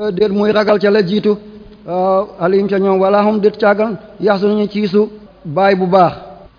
Euh, déet muy ragal ca la jiitu euh, alim ca ñoom wala hum déet caagan yaxsu nañu ciisu baay bu baax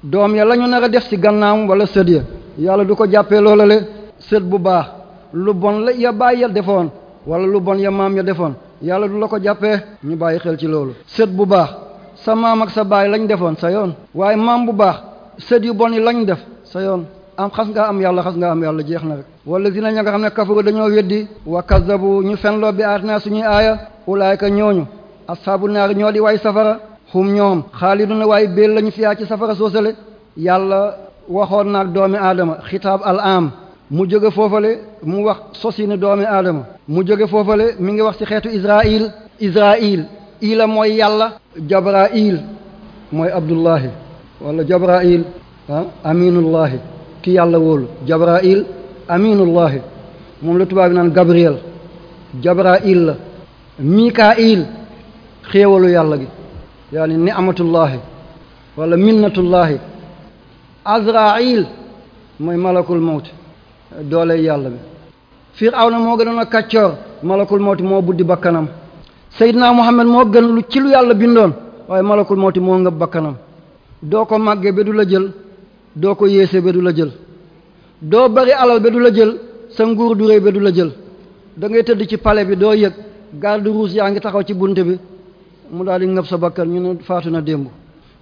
doom ya la ñu nar a def si gannaam wala sët ya yàlla du ko jàppee loolale sët bu baax lu bon la ya baay ya defoon wala lu bon ya maam ya defoon yàlla du la ko jàppee ñu bàyyi xel ci loolu sët bu baax sa maam ak sa baay lañ defoon sa yoon waaye maam bu baax sëdd yu bon yi lañu def sa yoon am xas ngaa am yàlla xas ngaa am yàlla jeex na rek wala dina ña nga xam ne kafaru dañoo weddi wa kazzabu ñu fenloo bi aatinaa suñuy aaya ulaayka ñooñu ashaabu naari ñoo di waay safara xum ñoom xaaliduna waaye béel lañu fiyaa ci safara soosale yàlla waxoon naag doomi aadama xitaab al am mu jóge foofale mu wax sosini doomi aadama mu jóge foofale mi ngi wax ci xeetu israil israil ila mooy yàlla jabrail mooy abdullahi wala jabrail ah ki yàlla wóolu jabrail aminullahi moom la tubaab bi naan gabriel jabrail la mikail xéewalu yàlla gi yaani ni'matullahi wala minnatullahi azrail mooy malakul mawt doole yàlla bi firawna moo gën a kàccoor malakul mawti moo buddi bakkanam seydina muhammad moo gën lu ci lu yàlla bindoon waaye malakul mawti moo ngëb bakkanam doo ko màggee ba du la jël doo ko yéese ba du la jël doo bari alal ba du la jël sa nguur du réy ba du la jël da ngay tëdd ci pale bi doo yëg garde rouge yaa ngi taxaw ci bunte bi mu daal di ngëb sa bakkan ñu ne faatu na démb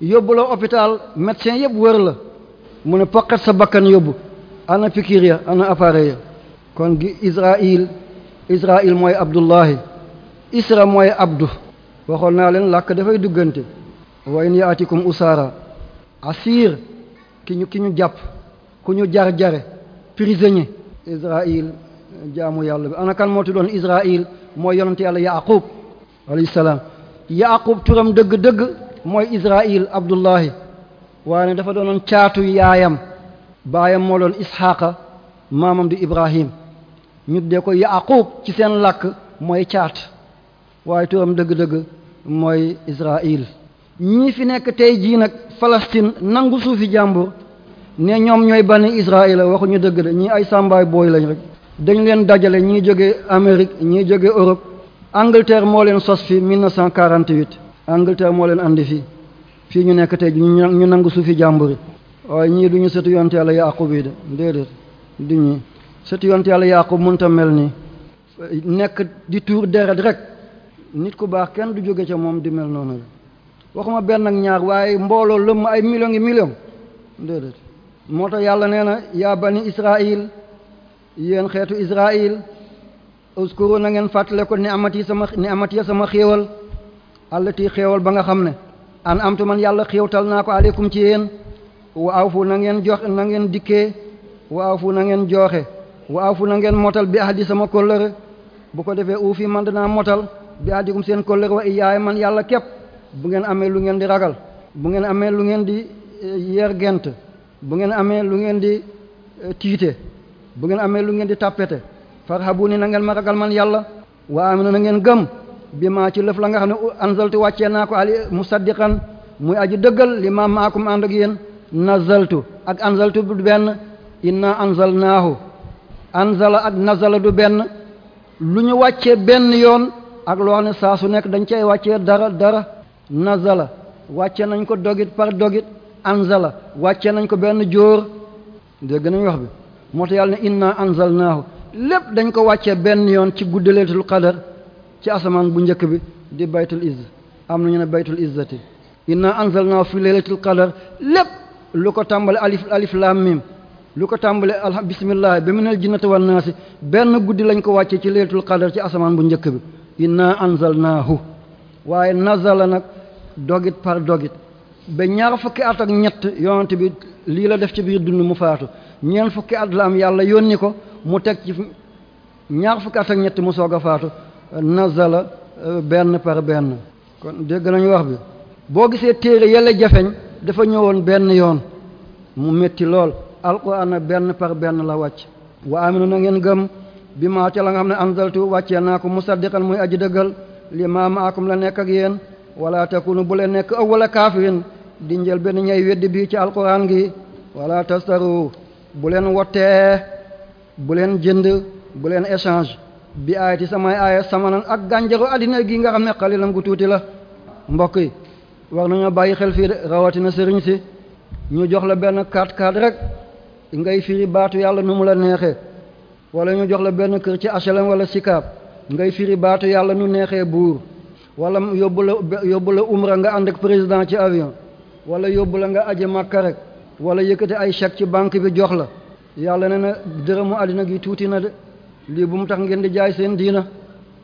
yóbbu la hôpital médecin yëpp wër la mu ne poqet sa bakkan yóbbu ana pikiir ya ana appareil ya kon gi Israil Israil mooy Abdullahi Isra mooy Abdu waxoon naa leen làkk dafay duggante wa in yaatikum usaara asir ki ñu ki ñu jàpp ku ñu jar-jare prisonnier israil jaamu yàlla bi ana moo moo tuddoon israil mooy yonent yàlla yaqub alayhi salaam yaqub turam dëgg-dëgg mooy israil abdullahi waaye ne dafa doonoon caatu yaayam baayam moo doon isxaaqa maamam di ibrahim ñu dee ko yaqub ci seen làkk mooy caat waaye turam dëgg-dëgg mooy israil ñii fi nekk tey jii nag nangu suufi jàmbur ne ñoom ñooy bani Israël waxuñu dëgg de ñii ay sàmbaay booy lañ rek dañ leen dajale ñii jóge Amérique ñii jóge Europe Angleterre moo leen sos fi 1948 Angleterre moo leen andi fii fii ñu nekk tey ñu nangu suufi jàmburi waaye ñii du ñu setu yonte yàlla Yaaqub yi de déedéet du ñii setu yonte yàlla Yaaqub mënta mel nii nekk di tuur deret rek nit ku baax kenn du jóge ca moom di mel noonu la waxuma benn ak ñaar waaye mbooloo lëmm ay millions yi millions moo tax yàlla nee na yaa bani israil yéen xeetu israil uskuru na ngeen fàttale ko ni amati sama ni amati sama xéewal allati xéewal ba nga xam ne an ti man yàlla xéewtal naa ko aleykum ci yéen wa awfu na ngeen jox na ngeen dikkee wa awfu na ngeen jooxe wa awfu na ngeen motal bi ahdi sama kóllëre bu ko defee uufi man danaa motal bi ahdikum seen kóllëre wa iyaay man yàlla képp bu ngeen amee lu ngeen di ragal bu ngeen amee lu ngeen di eh, yergent bu ngeen amee lu ngeen di eh, tiite bu ngeen amee lu ngeen di tàppete farhabu ni na ngeen ma ragal man yàlla waa am na na ngeen gëm bi maa ci lëf la nga xam ne anzaltu wàccee naa ko ali musaddiqan muy aji dëggal li ma maakum ànd ak yéen nazaltu ak anzaltu du benn inna anzalnaahu anzala ak nazala du benn lu ñu wàccee benn yoon ak loo xam ne saa su nekk dañ cay wàccee dara dara nazala wàcce nañ ko dogit par dogit anzala wàccee nañ ko benn jóor dégg nañ wax bi moo tax yàlla ne inna anzalnaahu lépp dañ ko wàccee benn yoon ci guddi laylatul qadar ci asamaan bu njëkk bi di baytul izz am nañu ne baytul izzati inna anzalnaahu fi laylatul qadar lépp lu ko tàmbale alif alif laam lu ko tàmbale alham bismillah bi minal jinnati wan benn guddi lañ ko wàccee ci leetul qadar ci asamaan bu njëkk bi inna anzalnaahu waaye nazala nag dogit par dogit ba ñaar fukki at ak ñett yonent bi lii la def ci biir dund mu faatu ñeent fukki at la am yàlla yónni ko mu teg ci ñaar fukki at ak ñett mu soog a faatu nazala euh, benn par benn kon dégg nañu wax bi boo gisee téere yàlla jafeñ dafa ñëwoon benn yoon mu metti lool alquran benn par benn la wàcc wa aminu na ngeen gëm bi maa ca la nga xam ne anzaltu wàccee naa ko musaddiqan muy aji dëggal li maa maakum la nekk ak yéen wala takunu bu leen nekk awwala kaafirin di njël benn ñay weddi bii ci alquran gi wala tastaru bu leen wottee bu leen jënd bu leen échange bi aay ci samay aaya samanan ak gànjaru addina gi nga xam ne xalilam gu tuuti la mbokk yi war nañoo bàyyi xel fii rawatina sëriñ si ñu jox la benn kaat kaat rek ngay firi baatu yàlla nu mu la neexee wala ñu jox la benn kër ci HLM wala sikaab ngay firi baatu yàlla nu neexee buur wala yóbbu la yóbbu la umra nga ànd ak président ci avion wala yóbbu la nga aje màkka rek wala yëkkati ay chèque ci banque bi jox la yàlla ne na dërëmu àddina gi tuuti na de lii bu mu tax ngeen di jaay seen diina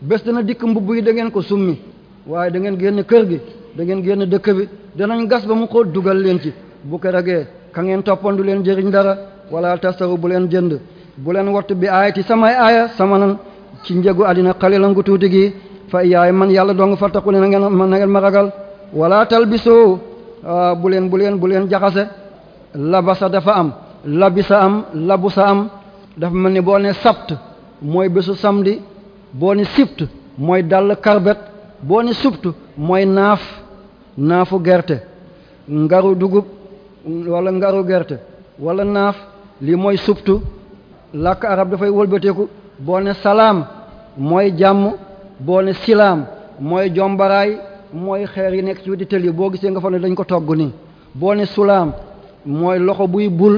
bés dana dikk mbubbu yi da ngeen ko summi waaye da ngeen génn kër gi da ngeen génn dëkk bi danañ gas ba mu ko dugal leen ci bu ko ragee ka toppandu leen jëriñ dara wala tastaru bu leen jënd bu leen wattu bi aayati samay aaya samanan ci njëgu àddina xalilan gu tuuti gi fa yaay man yàlla dong fattaqu ne na ngeen ma na ngeen ma ragal wala talbisu ah, bu leen bu leen bu jaxase labasa dafa am labisa am labusa am dafa mel ni boo ne sabt mooy bésu samedi boo ne sibt mooy dàll karbet boo ne subt mooy naaf naafu gerte ngaru dugub wala ngaru gerte walla naaf lii mooy subtu làkk arab dafay wëlbateeku boo ne salaam mooy jàmm boo ne silaam mooy jombaraay mooy xeer yi nekk ci wetu tël yi boo gisee nga fa ne dañ ko togg nii boo ne sulaam mooy loxo buy bul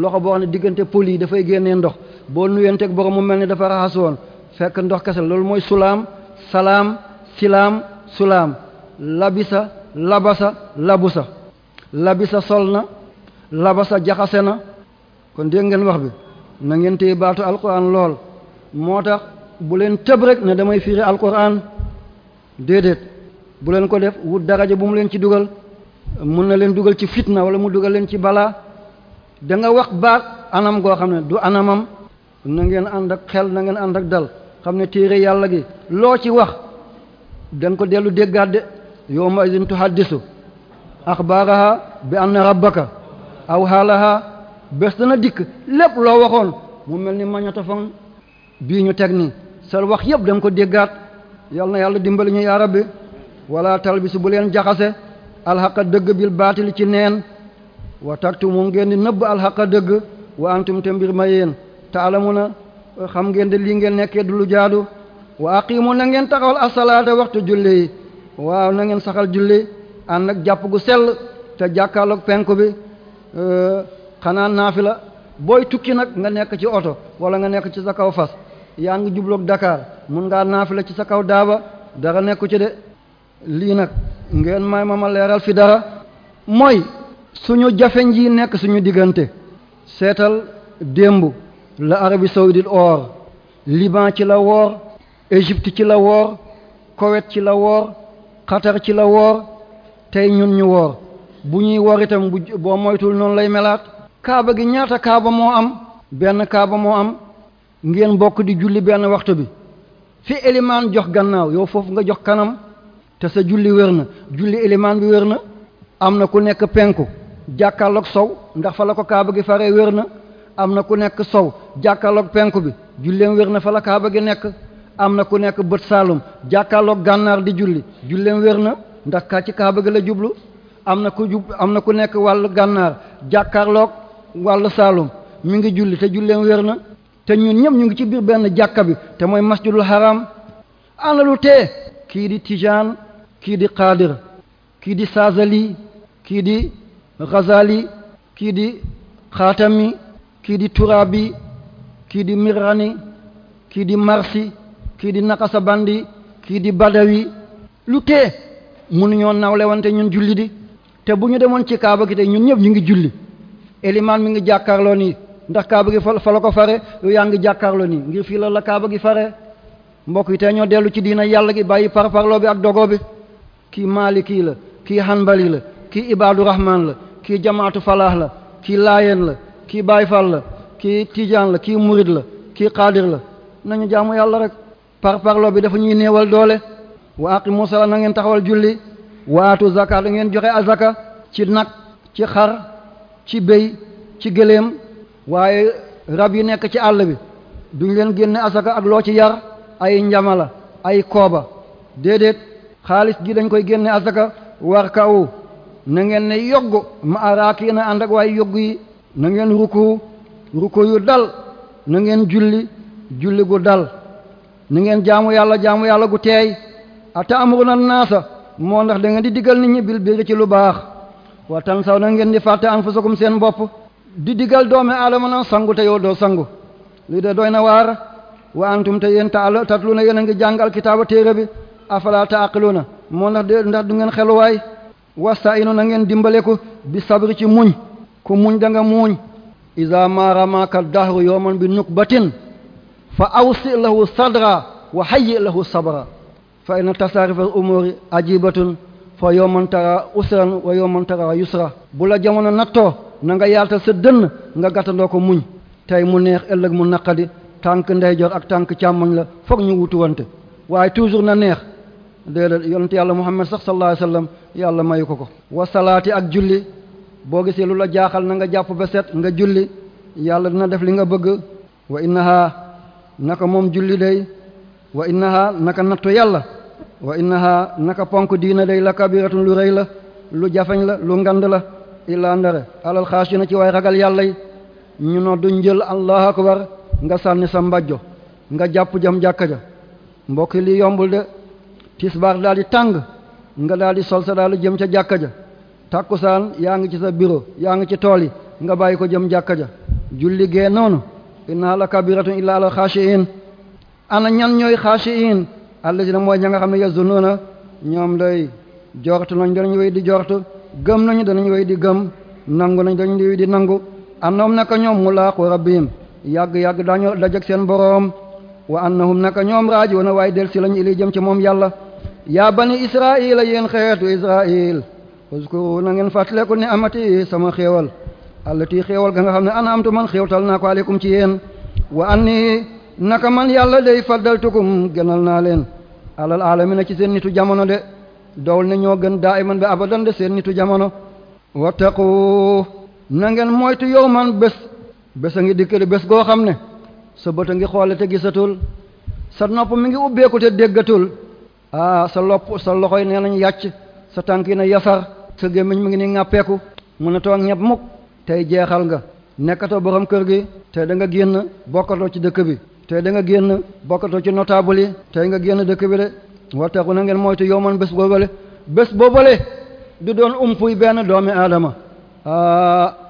loxo boo xam ne diggante pël yi dafay génnee ndox boo nuyanteeg borom mu mel ni dafa raxas woon fekk ndox kese loolu mooy sulaam salaam silaam sulaam labisa labasa labusa labisa sol na labasa jaxase na kon dégg ngeen wax bi na ngeen téye baatu alquran lool moo tax bu leen tëb rek ne damay firi alquran déedéet bu leen ko def wut daraja bu mu leen ci dugal mun na leen dugal ci fitna wala mu dugal leen ci balaa danga wax baat anam goo xam ne du anamam na ngeen ànd ak xel na ngeen ànd ak dal xam ne téere yàlla gi loo ci wax da ko dellu déggaat de yawma idin tuhaddisu axbaaraha bi anna rabbaka aw haalaha bés dana dikk lépp loo waxoon mu mel ni magnétophone bii ñu teg nii sal wax yëpp da ko déggaat yal na yàlla dimbali ñu yaa rabbi wala talbisu bu leen jaxase alxaqa dëgg bil baatil ci neen wa taktumu ngeen di nëbb alxaqa dëgg wa antum te mbir ma yéen taalamuna xam ngeen di lii ngeen nekkee du lu jaadu wa aqimu na ngeen taxawal asalaata waxtu julli yi waaw nangeen saxal julli ànd ak jàpp gu sell te jàkkaarloog penku bi xanaa naafila booy tukki nag nga nekk ci oto wala nga nekk ci sa kaw fas yaa ngi jubloog Dakar mun ngaa naafila ci sa kaw daaba dara nekku ci de lii nag ngeen may ma ma leeral fi dara mooy suñu jafe ji nekk suñu diggante seetal démb la Arabie saoudite or Liban ci la woor Égypte ci la woor Koweït ci la woor Qatar ci la woor tey ñun ñu woor bu ñuy woor bu boo moytul noonu lay melaat kaaba gi ñaata kaaba moo am benn kaaba moo am ngeen bokk di julli benn waxtu bi fi élimaan jox gannaaw yow foofu nga jox kanam te sa julli wér na julli élimaan bi wér na am na ku nekk penku jàkkaarloog sow ndax fa la ko kaaba gi faree wér na am na ku nekk sow jàkkaarloog penku bi julleem wér na fa la kaaba gi nekk am na ku nekk bët saalum jàkkaarloog gànnaar di julli julleem wér na ndax ka ci kaaba gi la jublu am na ku jub am na ku nekk wàllu gànnaar jàkkaarloog wàllu saalum mi ngi julli te julleem wér na te ñun ñëpp ñu ngi ci biir benn jàkka bi te mooy masjidul haram ana lu tee kii di tijaan kii di qaadir kii di saazali kii di ghazali kii di xaatami kii di turabi kii di mirani kii di marsi kii di naqasabandi kii di badawi lu tee mënuñoo nawle wante ñun julli di te bu ñu demoon ci kaaba gi te ñun ñëpp ñu ngi julli elimaan mi ngi jàkkaarloo nii ndax kaaba gi fa la ko fare yow yaa ngi nii ngir fii la la kaaba gi fare mbokk yi tey ñoo dellu ci diina yàlla gi bàyyi parparloo bi ak dogo bi kii maliki la kii hanbali la kii ibaadu rahman la kii jamaatu falaax la kii laayeen la kii baay fal la kii tijaan la kii murid la kii qaadir la nañu jaamu yàlla rek parparloo bi dafa ñuy néewal doole wa aqimu salaa na ngeen taxawal julli waatu zakat da ngeen joxe azaka ci nag ci xar ci béy ci gëléem waaye rab yi nekk ci àll bi duñ leen génne asaka ak loo ci yar ay njamala ay kooba déedéet xaalis gi dañ koy génne asaka war kaw na ngeen ne yoggu ma araaki na ànd ak waaye yoggu yi na ngeen ruku ruku yu dal na ngeen julli julli gu dal na ngeen jaamu yàlla jaamu yàlla gu teey ata amuru na naasa moo ndax da ngeen di diggal nit ñi bil biir ci lu baax wa tan na ngeen di fàtte anfusakum seen bopp di digal doomi aadama na sangu te yow doo sangu lii de doy na waar wa antum te yéen taal tatlu na yéen a ngi jàngal kitaaba téere bi afala taaqiluuna moo ndax de ndax du ngeen xeluwaay wastainu na ngeen dimbale ko bi sabri ci muñ ku muñ da nga muñ isa maramaka dahru yawman bi nukbatin fa awsi lahu sadra wa hayyi lahu sabra fa inna tasarif al umuri ajibatun fa yawman tara usran wa yawman tara yusra bu la jamono nattoo na nga yalta sa dënn nga gàttandoo ko muñ tey mu neex ëllëg mu naqadi tànk ndeyjoor ak tànk càmmoñ la foog ñu wutuwante waaye toujours na neex déedéet yonent yàlla muhammad sax sallallahu alayhi wasallam yàlla mayu ko ko wasalaati ak julli boo gisee lu la jaaxal na nga jàpp ba set nga julli yàlla dina def li nga bëgg wa na naka moom julli day wa na naka nattu yàlla wa innaha naka ponk diina day la kabiratun lu rëy la lu jafeñ la lu ngand la illaa ndare alal xaasina ci waay ragal yàlla yi ñu noddu njël allah akbar nga sànni sa mbajjo nga jàpp jam jàkka ja mbokk li yombul de tisbaar daal di tàng nga daal di sol sa daal di jëm ca jàkka ja tàkkusaan yaa ngi ci sa biro yaa ngi ci tool yi nga bàyyi ko jëm jàkka ja julli gee noonu inna la kabiratun illaa alal xaashiin ana ñan ñooy xaashiin allazina mooy ña nga xam ne yazunuuna ñoom day jortu nañ doon ñu di jortu gëm nañu danañ wéy di gëm nangu nañ dañ wéy di nangu annahum naka ñoom mulaaqu rabbihim yàgg-yàgg dañu dajeg seen boroom wa annahum naka ñoom na waaye del si lañu ili jëm ci moom yàlla yaa bani israila yéen xeetu israil uzkuru na ngeen fàttaleku ni amati sama xéewal allati xéewal ga nga xam ne ana amtu man xéewtal naa ko aleykum ci yéen wa anni naka man yàlla day faddaltukum gënal naa leen alal aalamiina ci seen nitu jamono doowul ne ñoo gën daa iman bi abadan de seen nitu jamono wattaqu na ngeen moytu yow man bés bés a ngi dikk de bés goo xam ne sa bët a ngi xoole te gisatul sa nopp mi ngi ubbeeku te déggatul ah sa lopp sa loxoy nee nañ yàcc sa tànk yi na yasar sa gémmiñ mi ngi ni ŋàppeeku mën a too ñepp mukk tey jeexal nga nekkatoo borom kër gi tey da nga génn bokkatoo ci dëkk bi tey da nga génn bokkatoo ci notable yi tey nga génn dëkk bi de wattaqu na ngeen moytu yowman bés boobale bés boobale di doon umpuy benn doomi aadama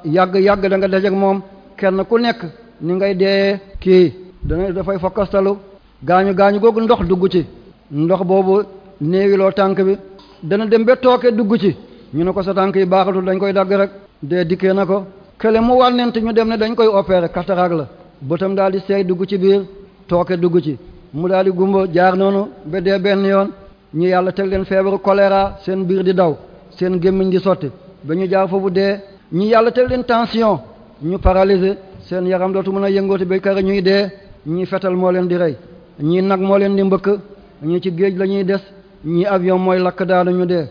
yàgg-yàgg ah, da nga dajeg moom kenn ku nekk ni ngay dee kii dana dafay fakkastalu gaañu gaañu googu ndox dugg ci ndox boobu néewiloo tànk bi dana dem ba tooke dugg ci ñu ne ko sa tànk yi baaxatul dañ koy dagg rek dee dikkee na ko kële mu wànnent ñu dem ne dañ koy opérer cataracte la bëtam daal di seey dugg ci biir tooke dugg ci mu daal di gumba jaar noonu ba dee benn yoon ñu yàlla teg leen feebaru choléra seen biir di daw seen gémmiñ di sotti ba ñu jaar foofu dee ñi yàlla teg leen tension ñu paralysé seen yaram dootu mën a yëngooti ba kara ñuy dee ñii fetal moo leen di rey ñii nag moo leen di mbëkk ñii ci géej la ñuy des ñii avion mooy lakk daanu ñu dee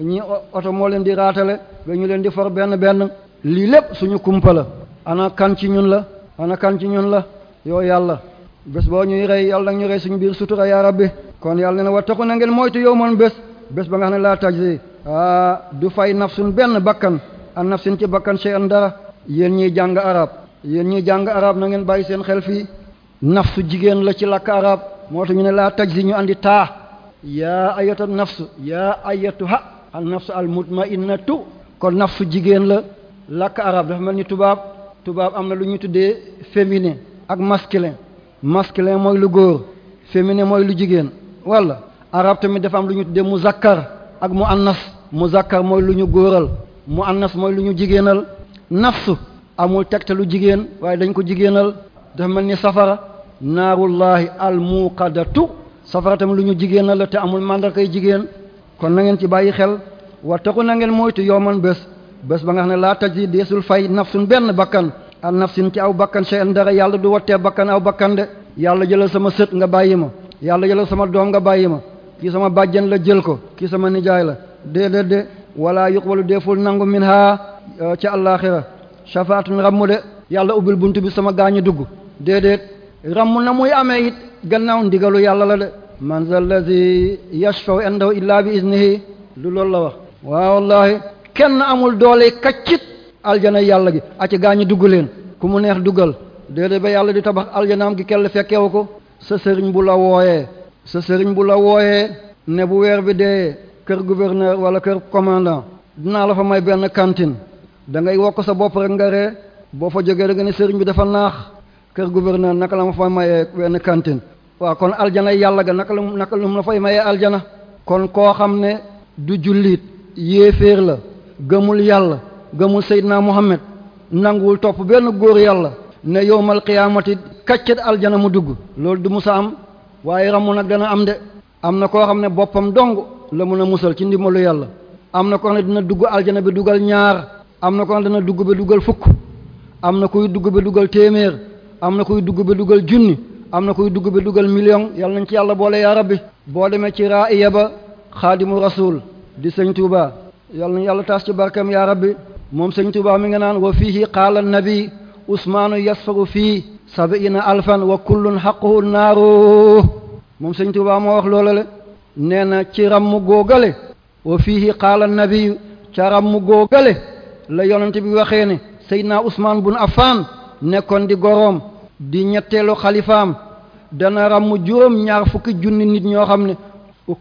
ñii oto moo leen di raatale ba ñu leen di for benn benn lii lépp suñu kumpa la ana kan ci ñun la ana kan ci ñun la yoo yàlla bés boo ñuy rey yàlla nag ñu rey suñu biir sutura yaa rabbi kon yàlla ne na wa taxu na ngeen moytu yow moon bés bés ba nga xam ne laa tajzi ah du fay nafsun benn bakkan an nafsin ci bakkan shay'an dara yéen ñiy jàng arab yéen ñiy jàng arab na ngeen bàyyi seen xel fii nafsu jigéen la ci lakk arab moo tax ñu ne laa tajzi ñu andi taa yaa ayatu nafsu yaa ayatuha al nafsu al mutma'innatu kon nafsu jigéen la lakk arab dafa mel ni tubaab tubaab am na lu ñuy tuddee féminin ak masculin masculin mooy lu góor féminin mooy lu jigéen wala arab tamit dafa am lu ñu tuddee muzakkar ak mu annas muzakkar mooy lu ñu góoral mu annas mooy lu ñu jigéenal nafsu amul tegte lu jigéen waaye dañ ko jigéenal dafa mel ni safara naarullahi almuqadatu safara tamit lu ñu jigéenal la te amul màndarkay jigéen kon na ngeen ci bàyyi xel wa taxu na ngeen moytu yowman bés bés ba nga xam ne laa taj yi deesul fay nafsun benn bakkan an nafsin ci aw bakkan shay'an dara yàlla du wattee bakkan aw bakkan de yàlla jëlal sama sët nga bàyyi ma yàlla jëlal sama doom nga bàyyi ma kii sama bàjjen la jël ko kii sama nijaay la déedéet de wala yuqbalu deeful nangu min haa euh, ca àllaaxira shafaatun ramm de yàlla ubbil bunt bi sama gaañu dugg déedéet ramm na muy amee it gannaaw ndigalu yàlla la de man zal lazi yashfau indahu illaa bi iznihi lu loolu la wa waaw wallaahi kenn amul doole aljana yàlla gi acca gaa ñi dugg leen ku mu neex duggal déedéet ba yàlla di tabax aljanaam gi kell fekkewu ko sa sëriñ bu la wooyee sa sëriñ bu la wooyee ne bu weer bi dee kër gouverneur wala kër commandant dinaa la fa may benn cantine da ngay wokk sa bopp rek nga ree boo fa jógee rek nga ne sëriñ bi dafa naax kër gouverneur naka la ma fa mayee benn cantine waa kon aljana yàlla ga naka la naka la mu fay mayee aljana kon koo xam ne du jullit yéeféer la gëmul yàlla gëmul Seydina Muhammad nanguwul topp benn góor yàlla ne yowmal qiyaamati kaccet aljana mu dugg loolu du musa am waaye ramu nag dana am de am na koo xam ne boppam dong la mun a musal ci ndimbalu yàlla am na koo xam ne dina dugg aljana bi dugal ñaar am na koo xam ne dina dugg bi dugal fukk am na kuy dugg bi dugal téeméer am na kuy dugg bi dugal junni am na kuy dugg bi dugal million yàlla nañ ci yàlla boole yaa rabbi boo demee ci raa iya ba xaadimu rasul di sëñ Tuuba yàlla nañ yàlla ci barkam yaa rabbi moom sëñ Tuubaa mi nga naan wa fiihi qaala nabi usmaanu yasfaru fii sabiina alfan wa kullun xaquhu naaru moom sëñ Tuubaa moo wax loola le nee na ci rammu góogale wa fiihi qaala nabi ca rammu góogale la yonent bi waxee ne naa usmaan bun affaan nekkoon di goroom di ñetteelu xalifaam dana rammu juróom ñaar fukki junni nit ñoo xam ne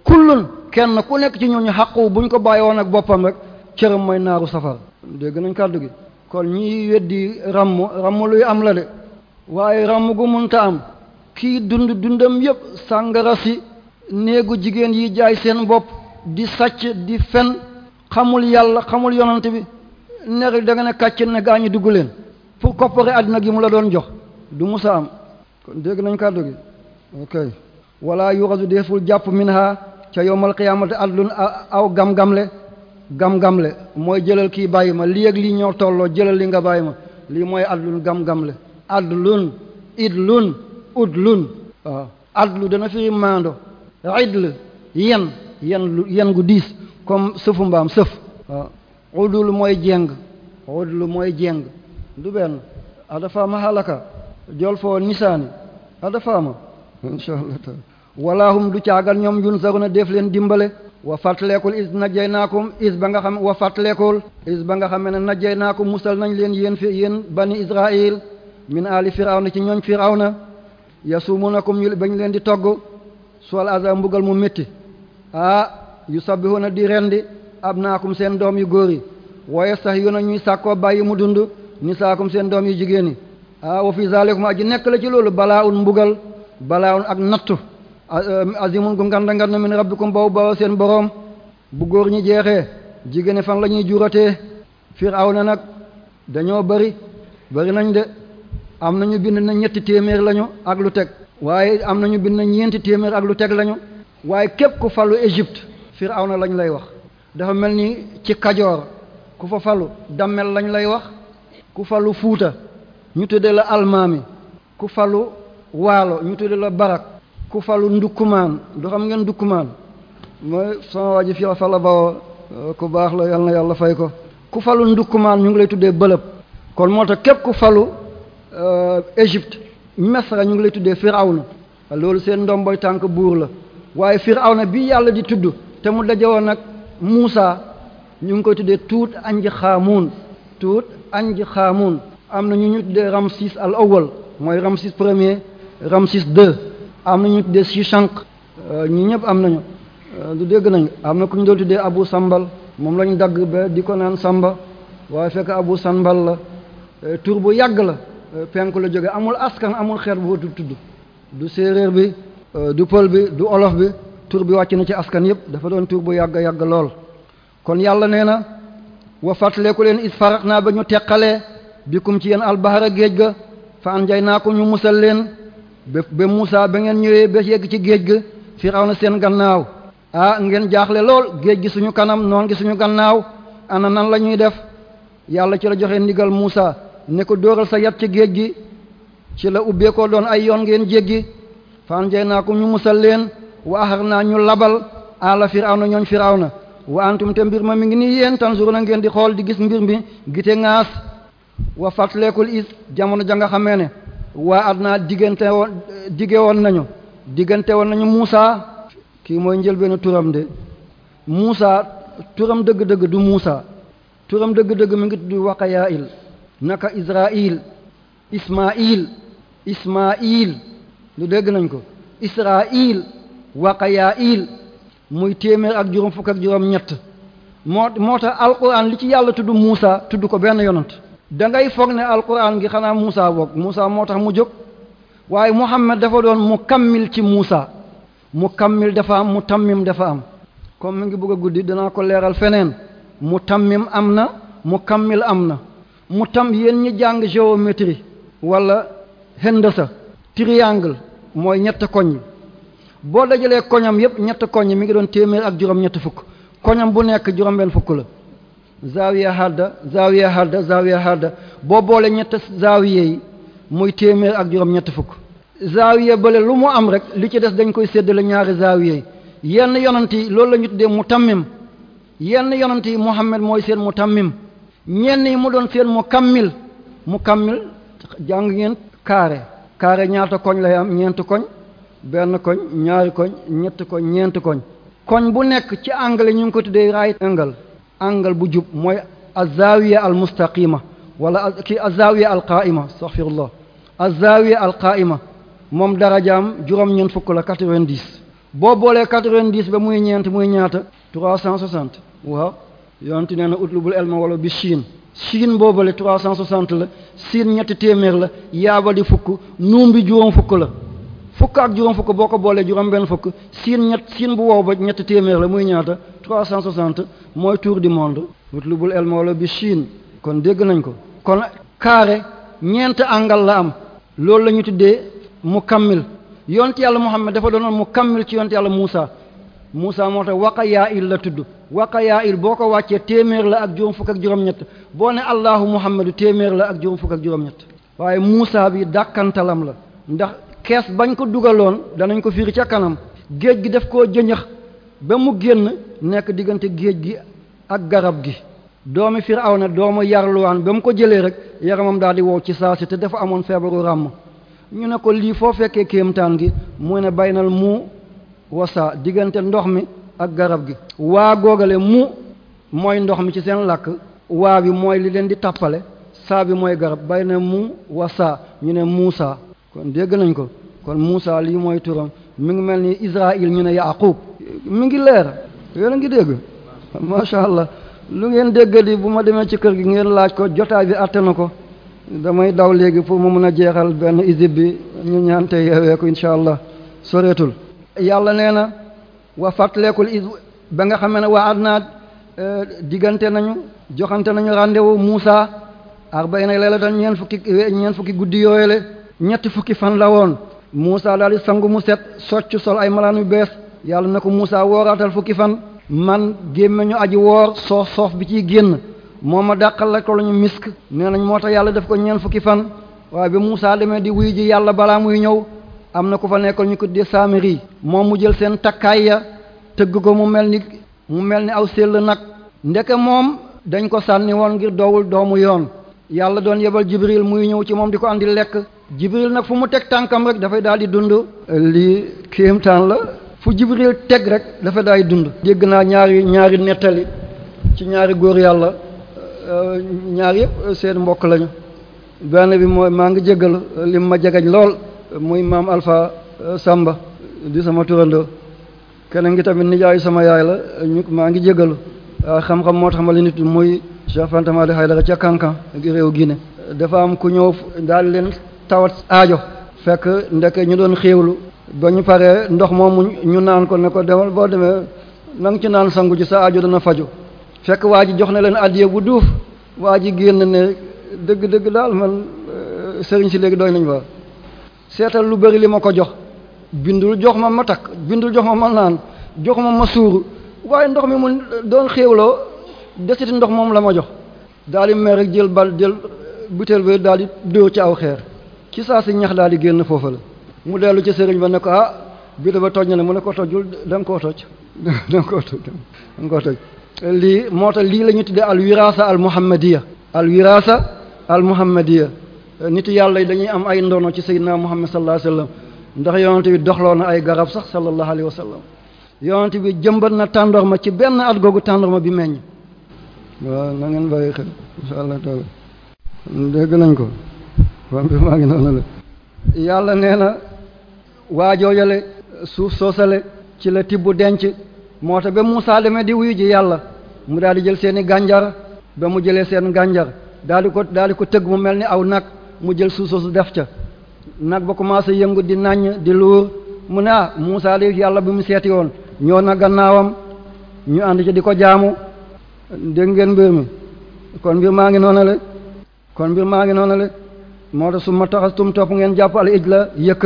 kullun kenn ku nekk ci ñooñu xàqu buñ ko bàyyi woon ak boppam rek cëram mooy naaru safar dégg nañ kàddu gi kon ñiy weddi ràmm ràmm luy am la de waaye ràmm gu munta am kii dund dundam yëpp sàngara si néegu jigéen yi jaay seen bopp di sàcc di fen xamul yàlla xamul yonante bi neri da nga ne kàcc ne gaa ñi dugg leen pour coppare àddina gi mu la doon jox du musa am kon dégg nañ kàddu gi ok wala yurasu deful jàpp min ha ca yowmal qiyaamati adlun aw gam-gamle gam-gamle mooy jëlal kii bàyyi ma li ak lii ñoo tolloo jëlal li nga bàyyi ma lii mooy adlun gam-gamle adlun idlun udlun waaw adlu dana firi maando idl yen yen yen gu diis comme sëfu mbaam sëf waaw udul mooy jeng udlu mooy jeng du benn adafaama halaka jol foo nisaani adafaama insha allah taala walaahum du caagal ñoom yun saruna def leen dimbale wa fàttalekul is najjay naakum is ba nga xam wa fàttalekul is ba nga xam ne najjay naakum musal nañ leen yéen fi yéen bani israil min aali firawna ci ñooñ firawna yasumunakum ñu bañ leen di togg sual a mbugal mu métti ah yu sabbihuna di rendi naakum seen doom yu góor yi waaye sax yona ñuy sàkkoo bàyyi mu dund saakum seen doom yu jigéen yi ah wa fi zaalikum aji nekk la ci loolu balaa un mbugal balaa un ak nattu Euh, azimun gu nganda nganda min rabbikum baw baw seen borom bu góor ñi jeexee jigéen fan la ñuy juratee na nag dañoo bari bari nañ de am nañu bind na ñetti téeméer lañu ak lu teg waaye am nañu bind na ñeenti téeméer ak lu teg lañu waaye képp ku falu Égypte na lañ lay wax dafa mel ni ci Kajoor ku fa falu dammel lañ lay wax ku falu Fuuta ñu tuddee la almaami ku falu Waalo ñu tuddee la Barak ku falu ndukkumaan du xam ngeen ndukkumaan mooy sama waa ji fii la fa euh, ku baax la yal na yàlla fay ko ku falu ndukkumaan ñu ngi lay tuddee bëlëb kon moo tax képp ku falu euh, Égypte Mesra ñu ngi lay tuddee na loolu seen ndomboy tànk buur la waaye na bi yàlla di tudd te mu daje woon nag Muusa ñu ngi koy tuddee tuut anji xaamuun tuut anji xaamuun am na ñu ñu tuddee Ramsis al awwal mooy Ramsis premier Ramsis deux am na ñu tuddee Shishaq euh, ñii ñëpp am nañu euh, du dégg nañu am na ku ñu doon tuddee Abu Sambal moom lañu dagg ba di ko naan Samba waaye fekk Abu Sambal la euh, tur bu yàgg la penku la jóge amul askan amul xeet bu ko tudd du séeréer bi du pël bi du olof bi tur bi wàcc na ci askan yëpp dafa doon tur bu yàgg yàgg lool kon yàlla nee na wa fàttaleku leen is farax naa ba ñu teqalee bikum ci yéen albahara géej ga fa anjay naa ko ñu musal leen ba ba Moussa ba ngeen ñëwee ba yegg ci géej gi Firawna seen gannaaw ah ngeen jaaxle lool géej gi suñu kanam noon gi suñu gannaaw ana nan la ñuy def yàlla ci la joxe ndigal Moussa ne ko dóoral sa yat ci géej gi ci la ubbeekoo doon ay yoon ngeen jéggi fan jey naa ko ñu musal leen wa axar naa ñu labal ala Firawna ñooñ Firawna wa antum te mbir ma mi ngi nii yéen tanzuru na ngeen di xool di gis mbir mi gite ŋaas wa fàtleekul is jamono ja nga xamee ne waa adnaa diggante woon digge woon nañu diggante woon nañu Muusa kii mooy njëlbeenu turam de Muusa turam dëgg-dëgg du Muusa turam dëgg-dëgg mi ngi tudd Waqayaa'il naka Israa'il Ismaa'il Ismaa'il lu dégg nañ ko Israa'il Waqayaa'il muy téeméer ak juróom fukk ak juróom ñett moo moo tax alquran li ci yàlla tudd Muusa tudd ko benn yonant da ngay foog ne alquran ngi xanaa Moussa boog Moussa moo tax mu jóg waaye Muhammad dafa doon mu kammil ci Moussa mu kammil dafa am mu tammim dafa am comme mi ngi bëgg a guddi danaa ko leeral feneen mu tammim am na mu kammil am na mu tam yéen ñi jàng géométrie wala hendasa triangle mooy ñett koñ boo dajalee koñam yépp ñett koñ mi ngi doon téeméer ak juróom ñett fukk koñam bu nekk juróom benn fukk la zaawiya harda zaawiya harda zaawiya harda boo boole ñett zaawiya yi muy téeméer ak juróom ñett fukk zaawiya bële lu mu am rek li ci des dañ koy séddale ñaari zaawiya yi yenn yonent yi loolu la ñu tuddee mu tammim yenn yonent yi Muhammad mooy seen mu tammim ñenn yi mu doon seen mu kammil mu kammil jàng ngeen carré carré ñaata koñ lay am ñeent koñ benn koñ ñaari koñ ñetti koñ ñeent koñ koñ bu nekk ci anglais ñu ngi ko tuddee right angle angle bu jub mooy azawiya al mustaqima wala ki azawiya al qaima astaghfirullah azawiya al qaima moom darajaam juróom-ñeent fukk la 90 boo boolee 90 ba muy ñeent muy ñaata cent 360 waaw yonent nee na utlubul elma wala bi Chine Chine cent 360 la Chine ñetti téeméer la yaaba di fukk nuum bi juróom fukk la fukk ak juróom fukk boo ko boolee juróom benn fukk Chine ñett Chine bu wow ba ñetti téeméer la muy ñaata trois cent soixante mooy tour du monde wutlubul elma wala bi Chine kon dégg nañ ko kon carré ñeent angal la am loolu la ñu tuddee mu kammil yonte yàlla Muhammad dafa doonoon mu kammil ci yonte yàlla Muusa Muusa moo tax waqa yaa il la tudd waqa yaa il boo ko wàccee téeméer la ak juróom fukk ak juróom-ñett boo ne allahu muhammadu téeméer la ak juróom fukk ak juróom-ñett waaye Muusa bi dàkkantalam la ndax kees bañ ko dugaloon danañ ko firi ca kanam géej gi def koo jëñëx ba mu génn nekk diggante géej gi ak garab gi doomi Firawna doomu yarluwaan ba mu ko jëlee rek yaramam daal di wow ci saa si te dafa amoon feebaru ràmm ñu ne ko lii foo fekkee kéemtaan gi mu ne baynal mu wasa diggante ndox mi ak garab gi waa googale mu mooy ndox mi ci seen làkk waa bi mooy li leen di tàppale saa bi mooy garab bay baynal mu wasa ñu ne Muusa kon dégg nañ ko kon Muusa lii mooy turam mi ngi mel ni Israël ñu ne Yaaqub mi ngi leer yéen a ngi dégg macha allah lu ngeen dégg di bu ma demee ci kër gi ngeen laaj ko jotaay bi àtte na ko damay daw léegi pour ma mën a jeexal benn isib bi ñu ñaante te yeewee ko incha allah soreetul yàlla nee na wa fàttalekul is ba nga xamee ne waa adnaa eh, diggante nañu joxante nañu rendez-vous Moussa arbayna laylatan ñeent fukki ñeen fukki guddi yooyele ñetti fukki fan la woon Moussa daal di sangu mu set socc sol ay malaan yu bees yàlla na ko Moussa wooraatal fukki fan man gémmeñu aji woor soof soof bi ciy génn moo ma daqal la ko lañu misk nee nañ moo tax yàlla def ko ñeen fukki fan waaye bi Moussa demee di wuy ji yàlla balaa muy ñëw am na ku fa nekkoon ñu ko di saamiri moom mu jël seen takkaay ya tëgg ko mu mel ni mu mel ni aw séll nag ndeke moom dañ ko sànni woon ngir doowul doomu yoon yàlla doon yebal jibril muy ñëw ci moom di ko andi lekk jibril nag fu mu teg tànkam rek dafay daal di dund lii kéemtaan la fu jibril teg rek dafa daay dund dégg naa ñaari ñaari nettali ci ñaari góor yàlla euh, ñaar yëpp euh, seen mbokk lañu benn bi mooy maa ngi jéggalu euh, lim ma jegañ lool muy maam Alpha Samba di sama turandoo keneen ngi tamit nijaayu sama yaay la maa ngi jéggalu xam-xam moo tax ma li nit muy Cheikh Fanta Madi Haydara ca Kankan gi réew Guinée dafa am ku ñëw daal leen tawat aajo fekk ndeke ñu doon xéewlu ba ñu paree ndox moomu ñu naan ko ne ko demal boo demee na nga ci naan sangu ci sa aajo dana faju fekk waa ji jox na leen addiye bu duuf waa ji génn ne dëgg-dëgg daal man euh, sëriñ si léegi doy nañ wa seetal lu bari li ma ko jox bindul jox ma ma takk bindul jox ma ma naan jox ma ma suuru waaye ndox mi mu doon xéewloo desiti ndox moom la ma jox daal di mer rek jël bal jël butéel ba daal di dóor ci aw xeer ci saa si ñax daal di génn foofa la mu dellu ci sëriñ ba ne ko ah bi dafa toj na ne mu ne ko tojul da nga koo toj da nga koo toj da nga koo toj lii moo tax lii la ñu tuddee al wirasa al nit yàlla yi dañuy am ay ndono ci sayyidina muhammad sallallahu alayhi wa sallam ndax yonent bi doxloo na ay garab sax sallallahu alayhi wa sallam bi jëmbat na ma ci benn at googu tàndorma bi meññ waaw na ngeen bàyyi xel insha allah taala dégg nañ ko wan bi maa ngi noonu la yàlla nee na waajoo yale suuf soosale ci la tibb denc moo tax ba Muusaa demee di wuyu ji yàlla mu daal di jël seeni i gànjar mu jëlee seen gànjar daal di ko daal di ko tëgg mu mel ni aw nag mu jël suuf soosu def ca nag ba commencé yëngut di naññ di luur mu ne ah Muusaa di yàlla bi mu seeti woon ñoo na gannaawam ñu ànd ci di ko jaamu dégg ngeen mbir mi kon mbir maa ngi noona le kon mbir maa ngi noona le moo tax su ma taxas tum topp ngeen jàpp al ij la yëkk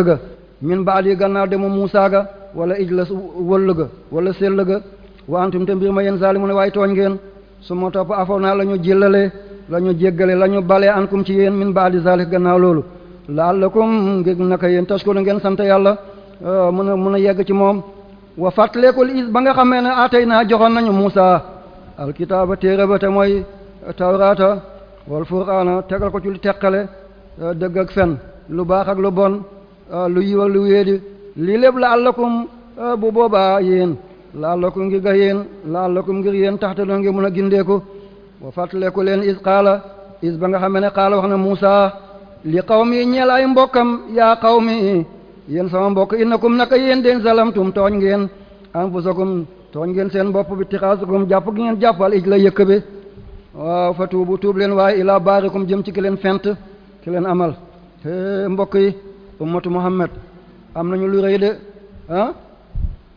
min baad yi gannaaw demu Muusaa ga wala ijlas wëll ga wala sell ga wa antum te mbir ma yen saali mu ne waaye tooñ ngeen su ma topp afaw naa la ñu jëllalee la ñu jéggale la ñu balee ankum ci yéen min baadi zalik gannaaw loolu la'allakum ngir naka yéen tashkuru ngeen sant yàlla euh, mun a mun a yegg ci moom wa fàttalekul is ba nga xamee ne atay naa joxoon nañu Muusaa alkitaaba téere ba te mooy tawraata wal furqaana tegal ko ci lu teqale euh, dëgg ak fen lu baax ak bon Ah, lu yiw ak lu wéedi lii lépp la allakum ah, bu boobaa yéen la allakum ngir ga yéen la allakum ngir yéen taxte doo ngir mun a gindeeku wa fàttaleku leen is qaala is ba nga xamee ne qaala wax na Muusaa li qawmi ñeel ay mbokkam yaa qawmi yéen sama mbokk innakum naka yéen den zalamtum tooñ ngeen anfusakum tooñ ngeen seen bopp bi tixaasukum jàpp gi ngeen jàppal ij la yëkk bi waaw fa tuubu tuub leen waaye ilaa baarikum jëm ci ki leen fent ki leen amal yi ummatu muhammad am nañu lu rëy de ah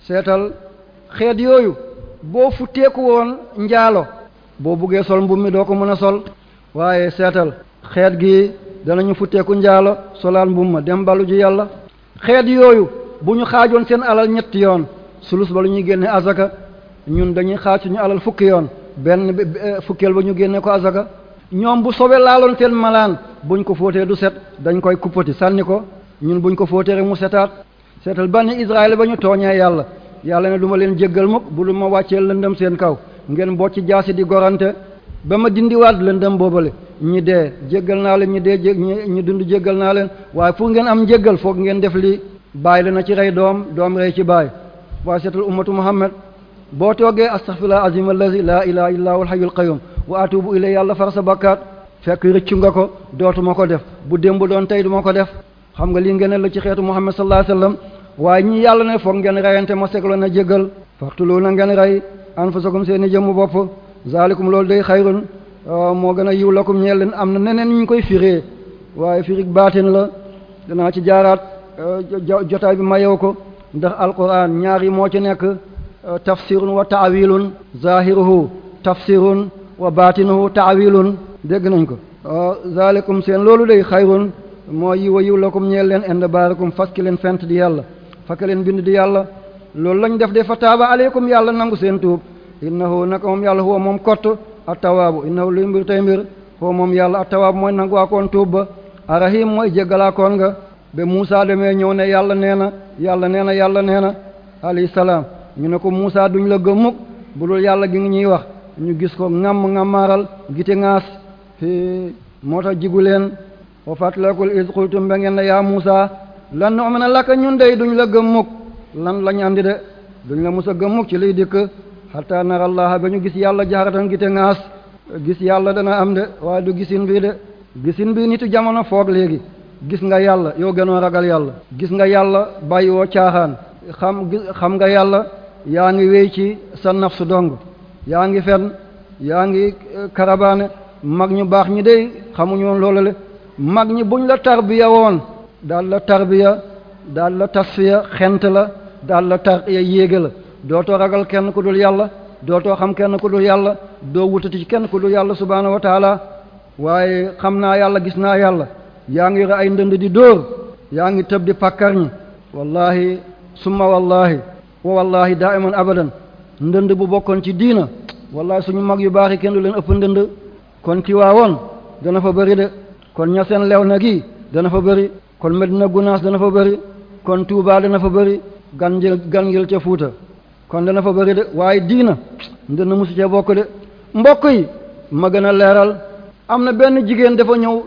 seetal xeet yooyu boo futteeku woon njaalo boo buggee sol mbubb mi doo ko mën a sol waaye seetal xeet gi danañu futteeku njaalo solaan mbubb ma dem balu ji yàlla xeet yooyu bu ñu xaajoon seen alal ñetti yoon sulus ba lu ñuy génne azaka ñun dañuy xaaj suñu alal fukki yoon benn eh, fukkeel ba ñu génne ko azaka ñoom bu sobe laaloon seen malaan buñ ko fóotee du set dañ koy kuppati sànni ko ñun buñ ko fóotee rek mu setaat seetal bani Israël ba ñu tooñee yàlla yàlla ne duma leen jéggal mukk bu dul ma wàccee lëndëm seen kaw ngeen bocc jaasi di gorante ba ma dindiwaat lëndëm boobale ñi dee jéggal naa leen ñi dee ñi dund jéggal naa leen waaye pour ngeen am njéggal foog ngeen def lii bàyyi la na ci rey doom doom rey ci baay waaye seetal ummatu muhammad boo toogee astaghfirullah azim allazi laa ilaha illa huwal hayyul qayyum wa atubu ilay yàlla far sa bakkaat fekk rëccu nga ko dootuma ko def bu démb doon tey duma ko def xam nga lii ngeneen la ci xeetu muhammad sallallahu alayhi wasallam waaye ñi yàlla ne foog ngeen reyante ma seglo na jéggal faxtuloo na ngeen rey anfusakum seeni jëmm bopp zaalikum loolu day xayrun moo gën a yiw lakum ñeel leen am na neneen ñu koy firee waaye firig baatin la danaa ci jaaraat euh, jotaay bi mayow ko ndax alquran ñaar yi moo ci nekk euh, tafsirun wa taawilun zahiruhu tafsirun wa baatinuhu taawilun dégg nañ ko euh, zaalikum seen loolu day xayrun mooy wa yiw lakum ñeel leen inda baarakum faski leen fent di yàlla fakka leen bind di yàlla loolu lañ def de fa taaba aleykum yàlla nangu seen tuub innahu naka moom yàlla huwa moom kott attawaabu innahu luy mbir tey mbir huwa moom yàlla attawaabu mooy nangu waa koon tuub ba arahim mooy jéggalaa koon nga ba Muusa demee ñëw ne yàlla nee na yàlla nee na yàlla nee na alayhi salaam ñu ne ko Muusa duñ la gëmmuk bu dul yàlla gi ngi wax ñu gis ko ŋàmm ŋàmmaaral gite ŋaas moo tax jigu leen wa fatlakul iz qultum ba ngeen ne yaa Muusa lan na laka ñun dey duñ la gëm mukk lan lañ andi de duñ la musa gëm mukk ci liy dikk hatta nara Allaha ba ñu gis yàlla jaharatan gite ŋaas gis yàlla dana am de waaye du gisin bii de gisin bii nitu jamono foog léegi gis nga yàlla yow gënoo ragal yàlla gis nga yàlla bàyyi woo caaxaan xam xam nga yàlla yaa ngi wéy ci sa su dong yaa ngi fen yaa ngi eh, karabaane mag ñu baax ñi dey xamuñu woon lool mag ñi buñ la tarbiya woon daal la tarbiya daal la tasfiya xent la daal la tarbiya yéega la dootoo ragal kenn ku dul yàlla dootoo xam kenn ku dul yàlla doo wutati ci kenn ku dul yàlla subhaanahu wa taala waaye xam naa yàlla gis naa yàlla yaa ngi yore ay ndënd di dóor yaa ngi tëb di pàkkar ñi wallahi summa wallahi wa wallahi daiman abadan ndënd bu bokkoon ci diina wallahi suñu mag yu baax yi kenn du leen ëpp ndënd kon ki waa woon dana fa bëri de kon ña seen lew na gi dana fa bëri kon Medina Gunaas dana fa bari kon Touba dana fa bëri gan njël gan njël Fuuta kon dana fa bëri de waaye diina dana musu ca bokk de mbokk yi ma gën a leeral am na benn jigéen dafa ñëw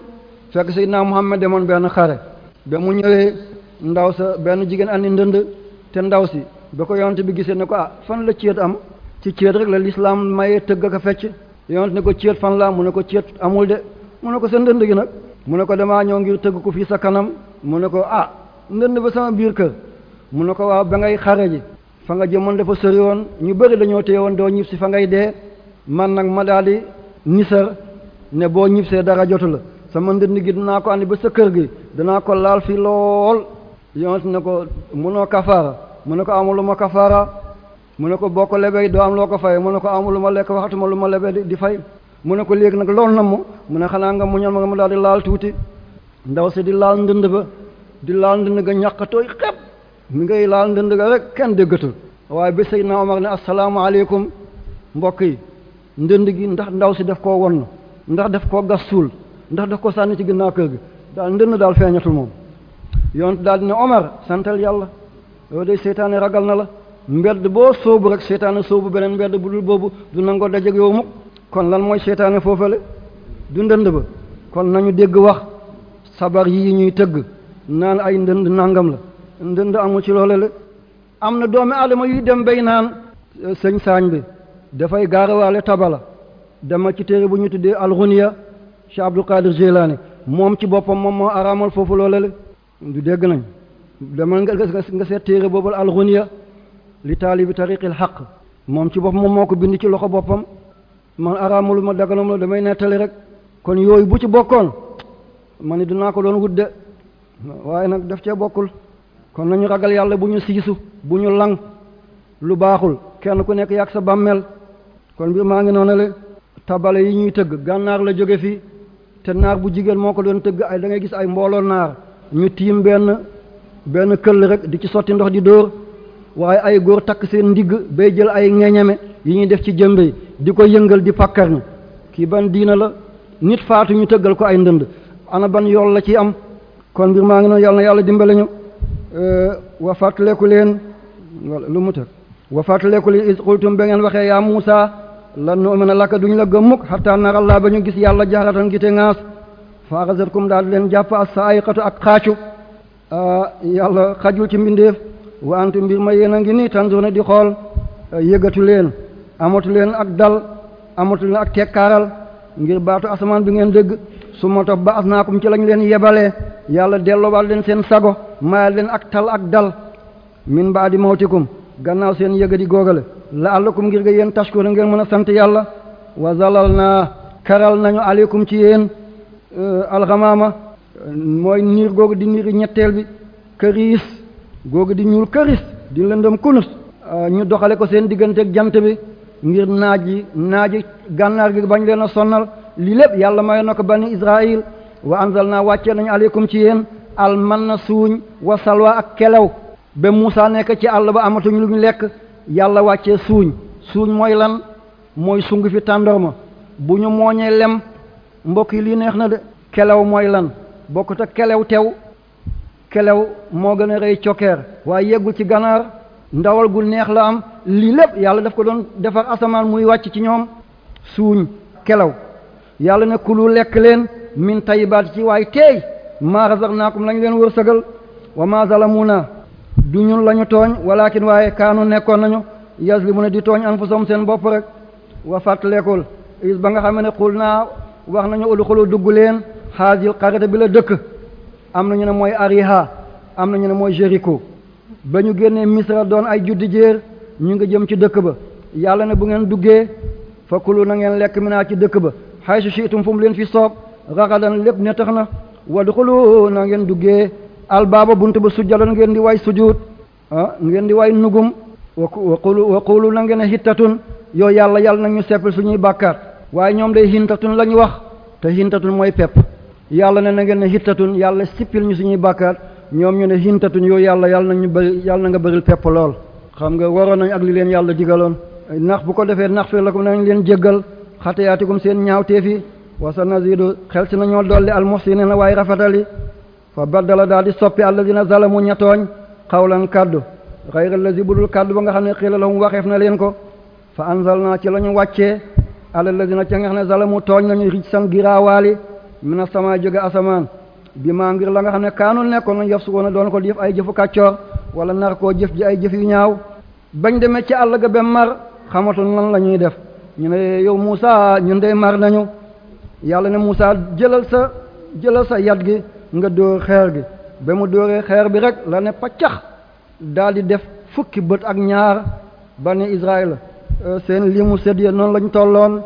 fekk Seydina Muhammad demoon benn xare ba mu ñëwee ndaw sa benn jigéen andi ndënd te ndaw si ba ko yonent bi gisee ne ko ah fan la céet am ci céet rek la lislaam maye tëgg ak a fecc yonent ne ko céet fan la mu ne ko céet amul mu ne ko sa ndënd gi nag mu ne ko damaa ñëw ngir tëgg ko fii sa kanam mu ne ko ah ndënd ba sama biir kër mu ne ko waaw ba ngay xare ji fa nga jëmoon dafa sori woon ñu bëri dañoo téye woon doo ñib si fa ngay dee man nag ma daal di nisar ne boo ñibbisee dara jotu la sama ndënd gi dinaa ko andi ba sa kër gi danaa ko laal fi lool yonent ne ko mënoo kafaara mu ne ko amuluma kafaara mu ne ko boo ko lebee doo am loo ko fay mu ne ko amuluma lekk waxatuma lu ma lebee di fay mu ne ko léegi nag loolu na mu mu ne xanaa nga muñal ma nga mu daal di laal tuuti ndaw si di laal ndënd ba di laal ndënd ga ñàkkatooy xepp mi ngay laal ndënd ga rek kenn déggatul waaye bi ba Seydina Omar ne asalaamaaleykum mbokk yi ndënd gi ndax ndaw si def koo won ndax def koo gas suul ndax def ko sànni ci ginnaaw kër gi daal ndënd daal feeñatul moom yonent daal di ne Omar santal yàlla loolu day seytaane ragal na la mbedd boo sóobu rek seytaane sóobu beneen mbedd bu boobu du nangoo dajeg yow kon lan mooy seytaane foofale du ndënd ba kon nañu dégg wax sabar yi ñuy tëgg naan ay ndënd nangam la ndënd amul ci loole la am na doomi aadama yuy dem bay naan euh, sëñ saañ bi dafay gaarawaale tabala dama ci téere bu ñu tuddee alxuniya ci Abdul Qadir Jilani moom ci boppam moom moo araamal foofu loole la du dégg nañ demal nga nga seet téere boobal alxuniya li taalibi tariqil xaq moom ci boppam moom moo ko bind ci loxo boppam man araamalu ma daganam la damay nettali rek kon yooyu bu ci bokkoon ma ni dinaa ko doon wut de waaye nag def cee bokkul kon nañu ragal yàlla bu ñu siisu bu ñu lang lu baaxul kenn ku nekk yàgg sa bàmmeel kon mbir maa ngi noonu la tabale yi ñuy tëgg gànnaar la jóge fii te naar bu jigéen moo ko doon tëgg ay da ngay gis ay mbooloo naar ñu tiim benn benn këll rek di ci sotti ndox di dóor waaye ay góor takk seen ndigg bay jël ay ŋeñame yi ñuy def ci jëmbe di ko yëngal di pàkkarñu kii ban diina la nit faatu ñu tëggal ko ay ndënd ana ban yool la ci am kon mbir maa ngi noonu yàlla na yàlla dimbale ñu wa fàttaleku leen lu mu tëg wa fàttaleku leen is qultum ba ngeen waxee yaa Muusa lan nu'mina laka duñu la gëm mukk hatta nara Allah ba ñu gis yàlla jahratan ngite ŋaas fa axasatkum daal leen jàpp as-saa'iqatu ak xaacu yàlla xajul ci mbindeef wa antum mbir ma yéen a ngi nii tanzuruna di xool yëgatu leen amatu leen ak dal amatu leen ak tekkaaral ngir baatu asamaan bi ngeen dégg su ma topp ba asnaakum ci lañ leen yebalee yàlla delloobaat leen seen sago maaya leen ak tal ak dal min baadi mawtikum gannaaw seen yëgadi googale la allakum ngir ga yéen tashkura ngeen mën a sant yàlla wa zalal na karal nañu aleykum ci yéen euh, alxamaama mooy niir googu di niiri ñetteel bi këriis googu di ñuul këris di lëndëm kunus ñu doxale ko seen digganteeg jant ngir naaj yi naaji gànnaar gi bañ leen a sonnal lii lépp yàlla may na ko bani israil wa anzal naa wàccee nañu aleekum ci yéen al man na suuñ wa salwa ak kelew ba Muusa nekk ci àll ba amatuñ lu lekk yàlla wàccee suuñ suuñ mooy lan mooy sungu fi ma bu ñu mooñee lem mbokk yi lii neex na de kelew mooy lan bokkut ak kelew tew kelew moo gën a rëy cokkeer waaye yeggul ci ganaar ndawal gu neex la am lii lépp yàlla def ko doon defar asamaan muy wàcc ci ñoom suuñ kelaw yàlla ne kulu lekk leen min tayibaat ci waay teey naa ko lañu leen wërsëgal wa maa zalamuna du ñun la ñu tooñ walakin waaye kaanu nekkoon nañu yazlimuna di tooñ anfusahum seen bopp rek wa fàttalekul is ba nga xam ne xul naa wax nañu udxulu dugg leen xaasil xarita bi la dëkk am nañu ne mooy ariha am nañu ne mooy jéricho ba ñu génnee misra doon ay juddi jéer ñu ngi jëm ci dëkk ba yàlla na bu ngeen duggee fakulu na ngeen lekk minaa ci dëkk ba haysu shiitum fu mu leen fi soob ragadan lépp ne tax na wa wadxulu na ngeen duggee albaaba bunt ba sujjadan ngeen di way sujuud ah ngeen di way nugum waqulu waqulu na ngeen hittatun yow yàlla yàlla na ñu seppil suñuy bàkkaat waaye ñoom day hintatun la ñu wax te hintatun mooy pepp yàlla ne na ngeen ne hittatun yàlla sippil ñu suñuy bàkkaat ñoom ñu ne hintatuñ yow yàlla yàlla na ñu bëri yàlla na nga bëril pepp lool xam nga waroon nañ ak li leen yàlla digaloon ndax bu ko defee nax fir lakum nañ leen jéggal xatayaatikum seen ñaawteef yi wa sanazidu xel si nañoo dolli almuhsinina waaye rafetali fa baddala daal di soppi alladina zalamu ñetooñ xawlan kaddu xayra lazi budul kàddu ba nga xam ne la xiila lahum waxeef na leen ko fa anzalna ci la ñu wàccee alladina ca nga xam ne zalamu tooñ nañu rij san giraawaali mina sama jóge asamaan bii maa ngir la nga xam ne kaanul nekkoon nañ yaf su woon a doon ko di jëf ay jëfu kàccoor wala nar koo jëf ji ay jëf yu ñaaw bañ demee ci àll ga ba mar xamatul nan la ñuy def ñu yow Moussa ñun dey mar nañu yàlla ne Moussa jëlal sa jëlal sa yat gi nga dóor xeer gi ba mu dóoree xeer bi rek la ne paccax daal di def fukki bët ak ñaar bani Israël euh, seen lii mu séddee noonu lañu tolloon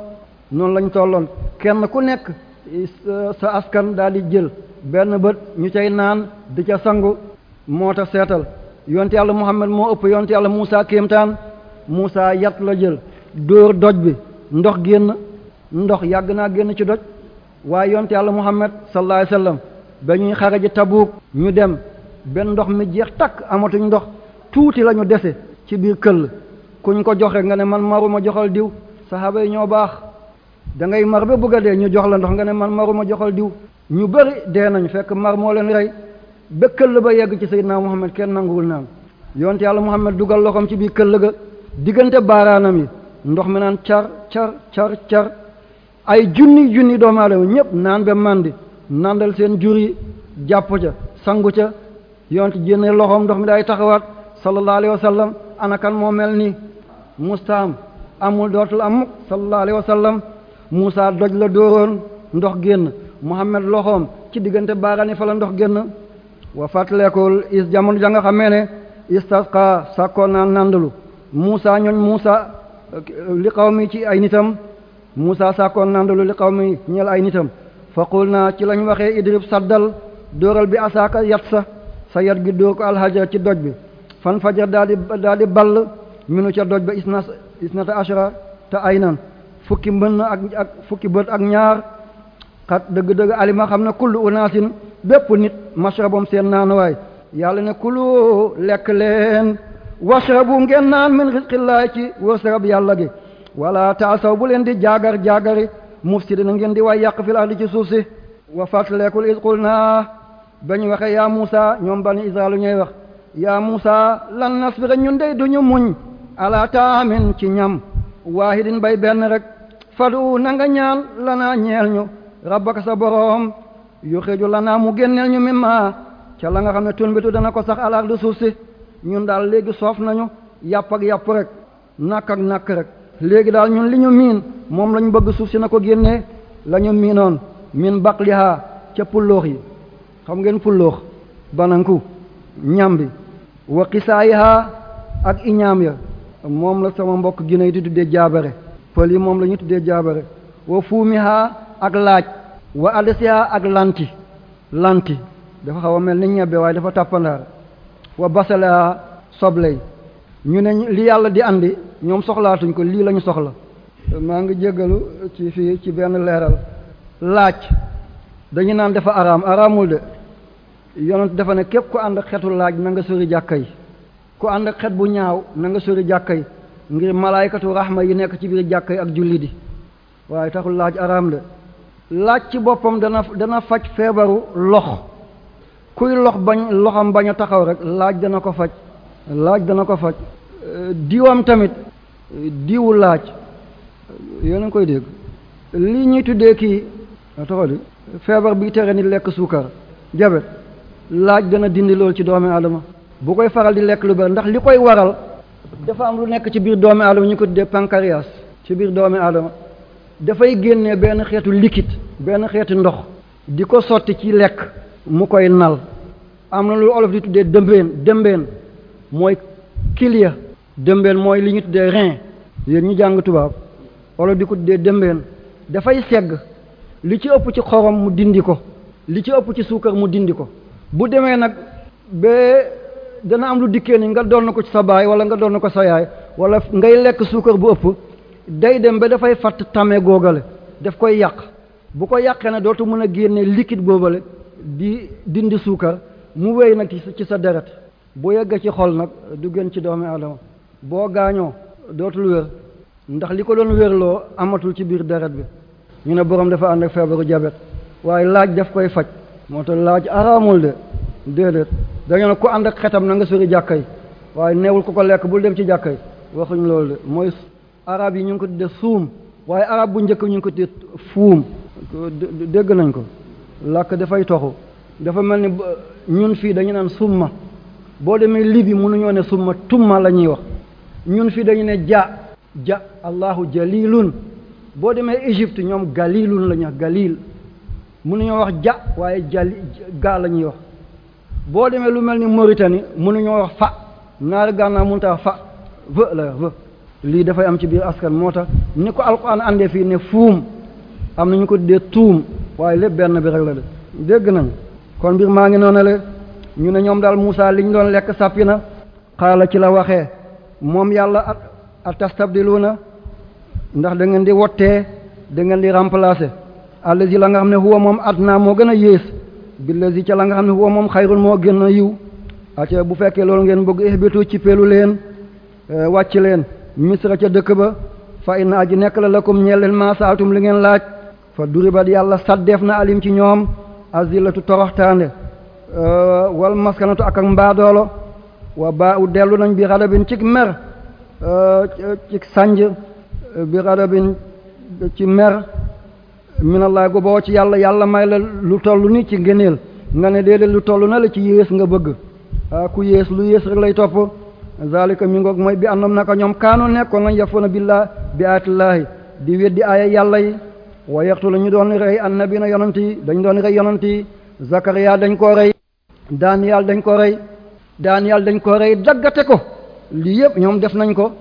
noonu lañu tolloon kenn ku nekk euh, sa askan daal di jël benn bët ñu cay naan di ca sangu moo tax seetal yonte yàlla Muhammad moo ëpp yonte yàlla Muusa kéemtaan Muusa yat la jël dóor doj bi ndox génn ndox yàgg naa génn ci doj waaye yonte yàlla Muhammad sallallahu alayhi wasallam ba ñuy xare Tabuuk ñu dem benn ndox mi jeex takk amatuñ ndox tuuti la ñu dese ci biir këll kuñ ko joxe nga ne man maruma joxal diw saxaaba yi ñoo baax da ngay mar ba bëgg a dee ñu jox la ndox nga ne man maruma joxal diw ñu bëri dee nañ fekk mar moo leen rey ba këll ba yegg ci Seydina Muhammad kenn nanguwul naan yonte yàlla Muhammad dugal loxoom ci biir këll ga diggante baaraanam yi ndox mi naan car car car car ay junni junni doomu aadama ñëpp naan ba màndi nandal seen jur jàpp ca sangu ca yonte jénne loxoom ndox mi daay taxawaat sallallahu alayhi wa anakan moo mel nii mustaam amul dootul am mukk sallallahu Moussa doj la dóoroon ndox génn Muhammad loxoom ci diggante baaraani fa la ndox génn wa fàttalekul is jamono ja nga xamee ne istasqa sàkkoon naa nandalu muusa ñooñ muusa li xaw mi ci ay nitam Moussa sàkkoon nandalu li xaw mi ñeel ay nitam faqul naa ci lañ waxee idrib saddal dóoral bi asaaka yat sa sa yat gi dóor ko alhajar ci doj bi fan fajar daal di daal di ball minu ca doj ba na isnata ashra te ay aynan fukki mbënn ak ak fukki bët ak ñaar xat dëgg-dëgg alima xam na kullu unaasin bépp nit mashrabum seen waay yàlla na kulu lekk leen washrabu ngeen naan min rizqillaay ci wërsërab yàlla gi wala taasaw bu leen di jaagar jaagari mufsidina ngeen di waay yàq fil ardi ci suuf si wa fàttaleekul iz qulnaa ba ñu waxee yaa Muusa ñoom bani Israalu ñuy wax yaa Muusa lan nasbira ñun dey duñu muñ ala taamin ci ñam waahidin bay benn rek fadu na nga ñaan lanaa ñeel ñu rabbaka sa boroom yuxiju lanaa mu génneel ñu mimma ca la nga xam ne tunbitu dana ko sax alaar du suuf si ñun daal léegi soof nañu yàpp ak yàpp rek nàkk ak nàkk rek léegi daal ñun li ñu miin moom lañu bëgg suuf si na ko génnee la ñu miinoon min baqliha ca pulloox yi xam ngeen pulloox bananku ñam bi wa qisaayiha ak iñaam ya moom la sama mbokk ginay di tuddee jaabare pël yi moom lañuy ñu tuddee jaabare wa fuumiha ak laaj wa adasiha ak lanti lanti dafa xaw mel ni ñebbe waaye dafa tàppandaar wa basalaha sobley ñu ne lii yàlla di àndi ñoom soxlaatuñ ko lii lañu soxla maa ngi jéggalu ci fii ci benn leeral laaj dañu naan dafa araam araamul de yonent dafa ne képp ku ànd ak xetu laaj na nga sori jàkka yi ku ànd xet bu ñaaw na nga sori jàkka yi ngir malaaykatu rahma yi nekk ci biir jàkka yi ak julli di waaye taxul laaj araam la laaj ci boppam dana dana faj feebaru lox kuy lox bañ loxam bañ a taxaw rek laaj dana ko faj laaj dana ko faj diwam tamit diwu laaj yéen a koy dégg lii ñuy tuddee kii taxaw di feebar bi tere nit lekk suukar jabet laaj dana dindi lool ci doomi aadama bu koy faral di lekk lu bari ndax li koy waral dafa am lu nekk ci biir doomi aadama ñu ko tuddee pancréas ci biir doomi aadama dafay génne benn xeetu liquide benn xeetu ndox di ko sotti ci lekk mu koy nal am na lu olof di tuddee dëmbeen dëmbeen mooy kilia dëmbeen mooy li ñu tuddee rein yéen ñu jàng tubaab olof di ko tuddee dëmbeen dafay segg li ci ëpp ci xorom mu dindi ko li ci ëpp ci suukar mu dindi ko bu demee nag ba dana am lu dikkee ni nga doon na ko ci sa baay wala nga doon na ko sa yaay wala ngay lekk suukar bu ëpp day dem ba dafay fatt tame googale daf koy yàq bu ko yàqee na dootu mën a génne liquide boobale di dindi suukar mu wéy nag ci sa deret bu yegg ci xol nag du gën ci doomi aadama boo gaañoo dootul wér ndax li ko doon wérloo amatul ci biir deret bi ñu ne borom dafa ànd ak feebaru jabet waaye laaj daf koy faj moo tax laaj araamul de déedéet da ngeen ku ànd ak xetam na nga sori jàkka yi waaye neewul ko ko lekk bul dem ci jàkka waxuñ loolu de mooy araab yi ñu ngi ko def suum waaye arab bu njëkk ñu ngi ko tudde fuum dégg nañ ko làkk dafay toxu dafa mel ni ñun fii dañu naan summa boo demee libi mënuñoo ne summa tumma la ñuy wax ñun fii dañu ne ja ja allahu jalilun boo demee Égypte ñoom galilun la ñuy wax galil mënuñoo wax jà waaye jali gaa la ñuy wax boo demee lu mel ni Mauritanie mënuñoo wax fa naari gànnaaw mënut a fa vë la vë lii dafay am ci biir askan moo tax ni ko alquran àndee fii ne fuum am na ñu ko dee tuum waaye lépp benn bi rek la de dégg nañ kon mbir maa ngi noonu la ñu ne ñoom daal Muusaa liñ doon lekk sàppi na xaala ci la waxee moom yàlla a tastabdiluuna ndax da ngeen di wottee da ngeen di remplacer allazi la nga xam ne huwa moom adnaa moo gën a yées billazi ca la nga xam ne huwa moom xayrun moo gën a yiw bu fekkee loolu ngeen bëgg ihbitu ci pelu leen eh, wàcc leen misra ca dëkk ba fa inna aji nekk la lakum ñeel leen maa saaltum li ngeen laaj fa duribat yàlla saddeef na alim ci ñoom azillatu toroxtaande eh, wal maskanatu ak ak mbaadoolo wa baa u dellu nañ bi radabin eh, ci mer ci sànj bi radabin ci mer minallaay gu boo ci yàlla yàlla may la lu toll ni ci ngëneel nga ne déedéet lu toll na la ci yées nga bëgg ah, ku yées lu yées rek lay topp zalika mi ngoog mooy bi na naka ñoom kaano nekkoon nañ yafuna billah bi aatillaahi di weddi aaya yàlla yi wa yaqtu la ñu doon rey annabi na yonent yi dañu doon rey yonent yi zakariya dañ koo rey daaniyal dañ ko rey daaniyal dañ ko rey daggate ko lii yëpp ñoom def nañ ko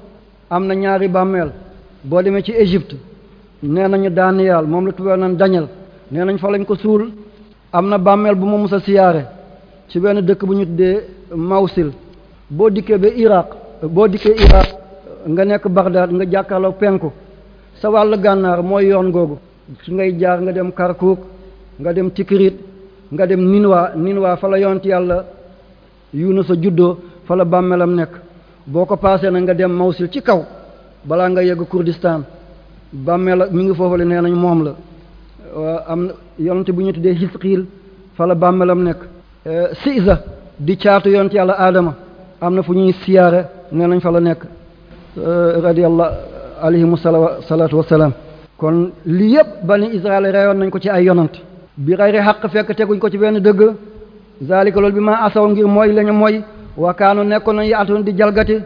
am na ñaari bàmmeel boo demee ci Égypte nee nañu Daniel moom la tubaab naan Daniel nee nañu fa lañ ko suul am na bàmmeel bu ma mus a siyaare ci benn dëkk bu ñu tuddee Mawsil boo dikkee ba Irak boo dikkee Irak nga nekk Bagdad nga jàkkaarloo penku sa wàll gànnaar mooy yoon googu su ngay jaar nga dem Karkuk nga dem Tikrit nga dem Ninwa Ninwa fa la yonent yàlla Yunus sa juddoo fa la bàmmeelam nekk boo ko paasee na nga dem Mawsil ci kaw balaa nga yegg Kurdistan bàmmeela mi ngi foofale nee nañ moom la am na yonent bu ñu tuddee Hisqiil fala bàmmeelam nekk Siisa di caatu yonent yàlla aadama am na fu ñuy siyaare nee nañ fala la nekk radiyallahu alayhimu salaatu wassalaam kon lii yëpp bani Israël reyoon nañ ko ci ay yonant bi xayri xaq fekk teguñ ko ci benn dëgg zaalika loolu bi maa asaw ngir mooy lañu mooy wakaanu nekkoon nañ yaatoon di jalgati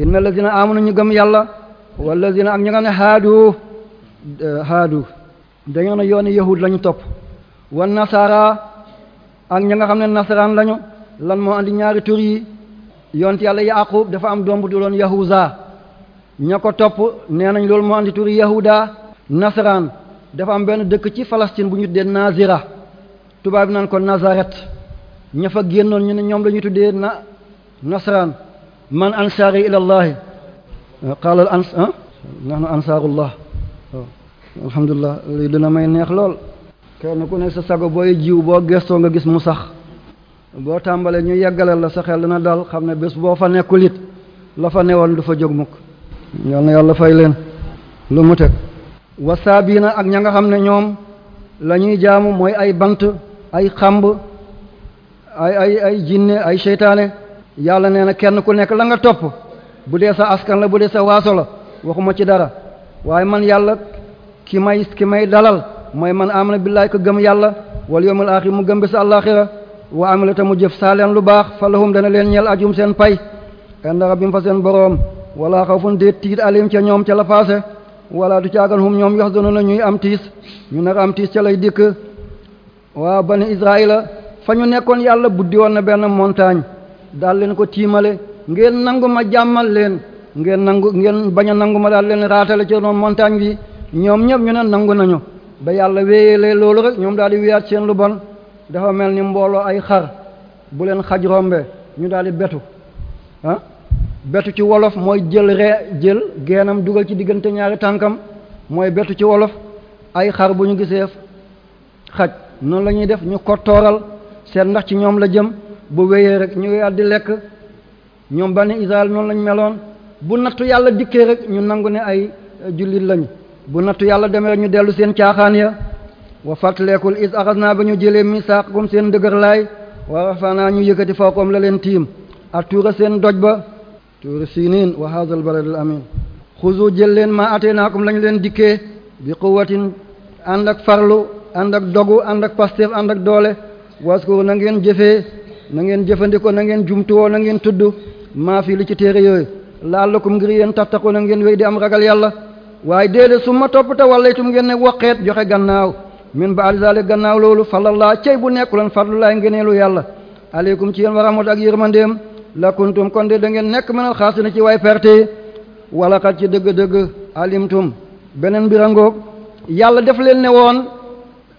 inna lazina na ñu gëm yàlla wallazina ak ñi nga ne haadu haadu dañoo ne yooni yahud lañu topp wan nasara ak ña nga xam ne nasaraan lañu lan moo andi ñaari tur yi yonti yàlla yaqub dafa am doom bu duloon yahuza ña ko topp nee nañ loolu moo andi tur yahuda nasaraan dafa am benn dëkk ci Palestine bu ñu tuddee nazira tubaab bi naan ko Nazareth ña fa génnoon ñu ne ñoom la ñu tuddee na nasaraan man ansari ilallahi xaalal ans ah nahnu ansaarullah alhamdulilah lii dina may neex lool kenn ku nekk sa sago booy jiw boo gestoo nga gis mu sax boo tàmbalee ñu yeggalal la sa xel dina dal xam ne bés boo fa nekkul it la fa newoon du fa jóg mukk yal na yàlla fay leen lu mu teg wasaabiina ak ña nga xam ne ñoom la ñuy jaamu mooy ay bant ay xàmb ay ay ay jinne ay seytaane yàlla nee na kenn ku nekk la nga topp bu dee sa askan la bu dee sa waaso la waxuma ci dara waaye man yàlla ki may ki may dalal mooy man amana billaay ko gëm yàlla wal yawmil aaxir mu gëm bi sa àllaaxira wa amila ta mu jëf saa leen lu baax fa lahum dana leen ñeel ajum seen pay inda rabbim fa seen boroom wala xawfun déet tiit alim ca ñoom ca la paase wala du caagan hum ñoom yahzanuna ñuy am tiis ñu nar am tiis ca lay dikk waa bani israila fa ñu nekkoon yàlla buddi woon na benn montagne ngeen nangu ma jàmmal leen ngeen nangu ngeen bañ a nangu ma daal leen raatale ci noonu montagne bi ñoom ñëpp ñu ne nangu nañu ba yàlla wéyelee loolu rek ñoom daal di wéyaat seen lu bon dafa mel ni mbooloo ay xar bu leen xaj rombe ñu daal di betu ah betu ci wolof mooy jël ree jël geenam dugal ci diggante ñaari tànkam mooy betu ci wolof ay xar bu ñu gisee xaj noonu la ñuy def ñu ko tooral seen ndax ci ñoom la jëm bu wéyee rek ñu wéyaat di lekk ñoom bani Israël noonu lañ meloon bu nattu yàlla dikkee rek ñu nangu ne ay euh, jullit lañu bu nattu yàlla demee rek ñu dellu seen caaxaan ya wa fàttaleekul is axas naa ba ñu jëlee misaaqakum seen dëgër laay wa rafanaa ñu yëkkati fawqam la leen tiim a tuura seen doj ba tuura siniin wa haazal baladil amiin xuzu jël leen maa ateenaakum lañu leen dikkee bi quwwatin ànd ak farlu ànd ak dogu ànd ak pasteef ànd ak doole waskuru na ngeen jëfee na ngeen jëfandikoo na ngeen jumtuwoo na ngeen tudd maa fii li ci téere la la'allakum ngir yéen tattaquna ngeen wéy di am ragal yàlla waaye déedéet su ma topp te wallaytum ngeen ne waqeet joxe gannaaw min ba'di zaalika gannaaw loolu falallaa cey bu nekkuloon fadlullaay ngeneelu yàlla aleykum ci yéen wa rahmatu ak yërmandeem lakuntum kon de da ngeen nekk mënal xaasina ci way perte yi walaxat ci dëgg-dëgg alimtum beneen mbirangoog yàlla def leen ne woon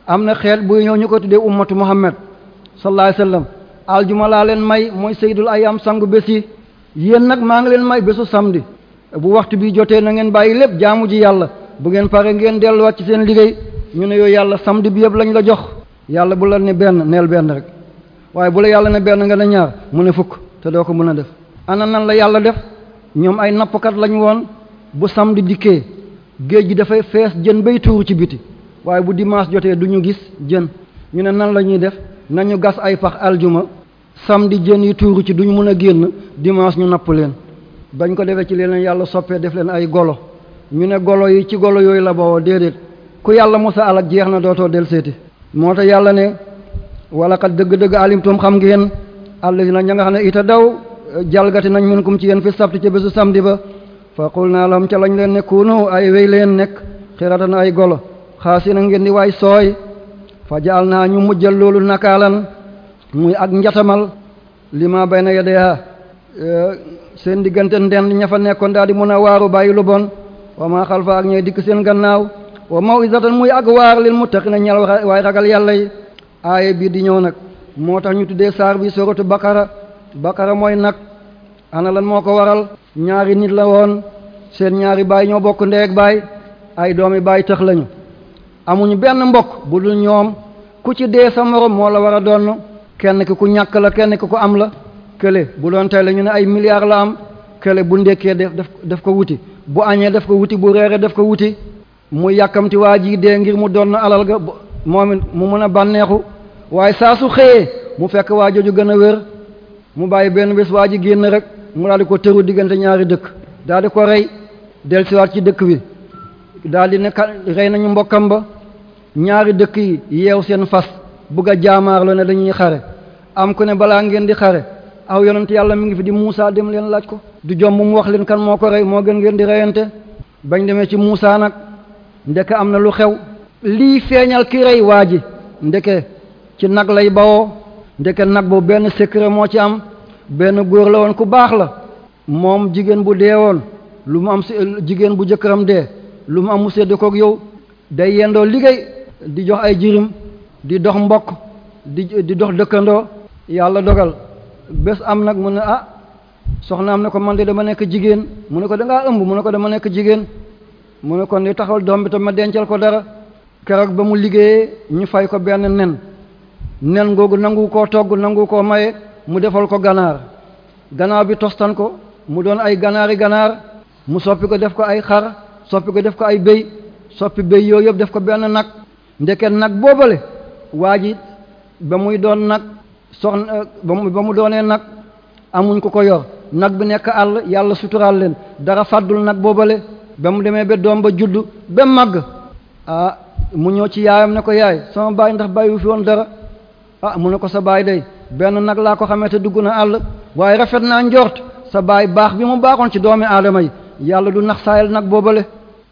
am na xeet buy ñëw ñu ko tuddee ummatu muhammad sallallahu alayhi wa sallam aljuma laa leen may yéen nag maa ngi leen may bésu samedi bu waxtu bi jotee na ngeen bàyyi lépp jaamu ji yàlla bu ngeen pare ngeen delluwaat ci seen liggéey ñu ne yooyu yàlla samdi bi yëpp lañu la jox yàlla bu la ne benn neel benn rek waaye bu la yàlla ne benn nga a ñaar mu ne fukk te doo ko mën a def ana nan la yàlla def ñoom ay nappkat lañ woon bu samedi dikkee géej gi dafay fees jën bay tuur ci biti waaye bu dimanche jotee du ñu gis jën ñu ne nan la ñuy def nañu gas ay pax aljuma samedi jën yi tuuru ci duñ mën a génn dimanche ñu napp leen bañ ko defee ci leen yàlla soppee def leen ay golo ñu ne golo yi ci golo yooyu la bawoo déedéet ku yàlla mosa alak jeex na dootoo del seeti moo tax yàlla ne wala kat dëgg-dëgg alimtum xam ngeen allazina na nga xam ne ita daw jalgati nañ min kum ci yéen fi sabti ca bésu samedi ba fa qul naa lam ca lañ leen ne kuunu ay wéy leen nekk na ay golo xaasina ngeen di waay sooy fa jaal muy ak njatamal li ma bay na yedeeha e, seen diggante ndend ña fa nekkoon daal di mën a waaru bàyyi lu bon wa maa xalfa ak ñooy dikk seen gannaaw wa mawizatan muy ak waar lil muttaqina ñal waay ragal yàlla yi aaye bii di ñëw nag moo tax ñu tuddee saar bi suratu bakara bakara mooy nag ana lan moo ko waral ñaari nit la woon seen ñaari baay ñoo bokk ndey ak baay ay doomi baay tëx lañu amuñu benn mbokk bu dul ñoom ku ci dee sa morom moo la war kenn ki ku ñàkk la kenn ki ku am la kële bu doon tey la ñu ne ay milliards la am kele bu ndekkee def def def ko wuti bu añee daf ko wuti bu reeree daf ko wuti mu yàkkamti waa ji dee ngir mu doon alal ga moom it mu mën a bànneexu waaye saa su xëyee mu fekk waa jooju gën a wér mu bàyyi benn bés waa ji génn rek mu daal di ko tëru diggante ñaari dëkk daal di ko rey dellusiwaat ci dëkk bi daal di ne rey nañu mbokkam ba ñaari dëkk yi yeew seen fas bugg a jaamaarloo ne dañuy xare am ku ne balaa ngeen di xare aw yonent yàlla mi ngi fi di muusaa dem leen laaj ko du jom mu wax leen kan moo ko rey moo gën ngeen di reyante bañ demee ci Muusa nag ndeke am na lu xew lii feeñal ki rey waa ji ndeke ci nag lay bawoo ndeke nag boobu benn secret moo ci am benn góor la woon ku baax la moom jigéen bu dee woon lu mu am jigéen bu jëkkëram dee lu mu am mu sédd koog yow day yendoo liggéey di jox ay jirim di dox mbokk di di dox dëkkandoo yàlla dogal bés am nag mu ne a ah, soxna am ne ko man de dama nekk jigéen mu ne ko da ngaa ëmb mu ne ko dama nekk jigéen mu ne ko ni taxawal doom bi tam ma dencal ko dara keroog ba mu liggéeye ñu fay ko benn nen nen ngoogu nangu koo togg nangu koo maye mu defal ko ganaar ganaar bi tostan ko mu doon ay ganaari ganaar mu soppi ko def ko ay xar soppi ko def ko ay béy soppi béy yooyu yëpp def ko benn nag ndeket nag boobale waa ji ba muy doon nag soxna ba mu doonee nag amuñ ko ko yor nag bi nekk àll yàlla suturaal leen dara fàddul nag boobale ba mu demee ba doom ba judd ba màgg ah mu ñëw ci yaayam ne ko yaay sama baay ndax bàyyiwu fi woon dara ah mu ne ko sa baay day benn nag laa ko xamee te dugg na àll waaye rafet naa njort sa baay baax bi mu baaxoon ci doomi aadama yi yàlla du nax saayal nag boobale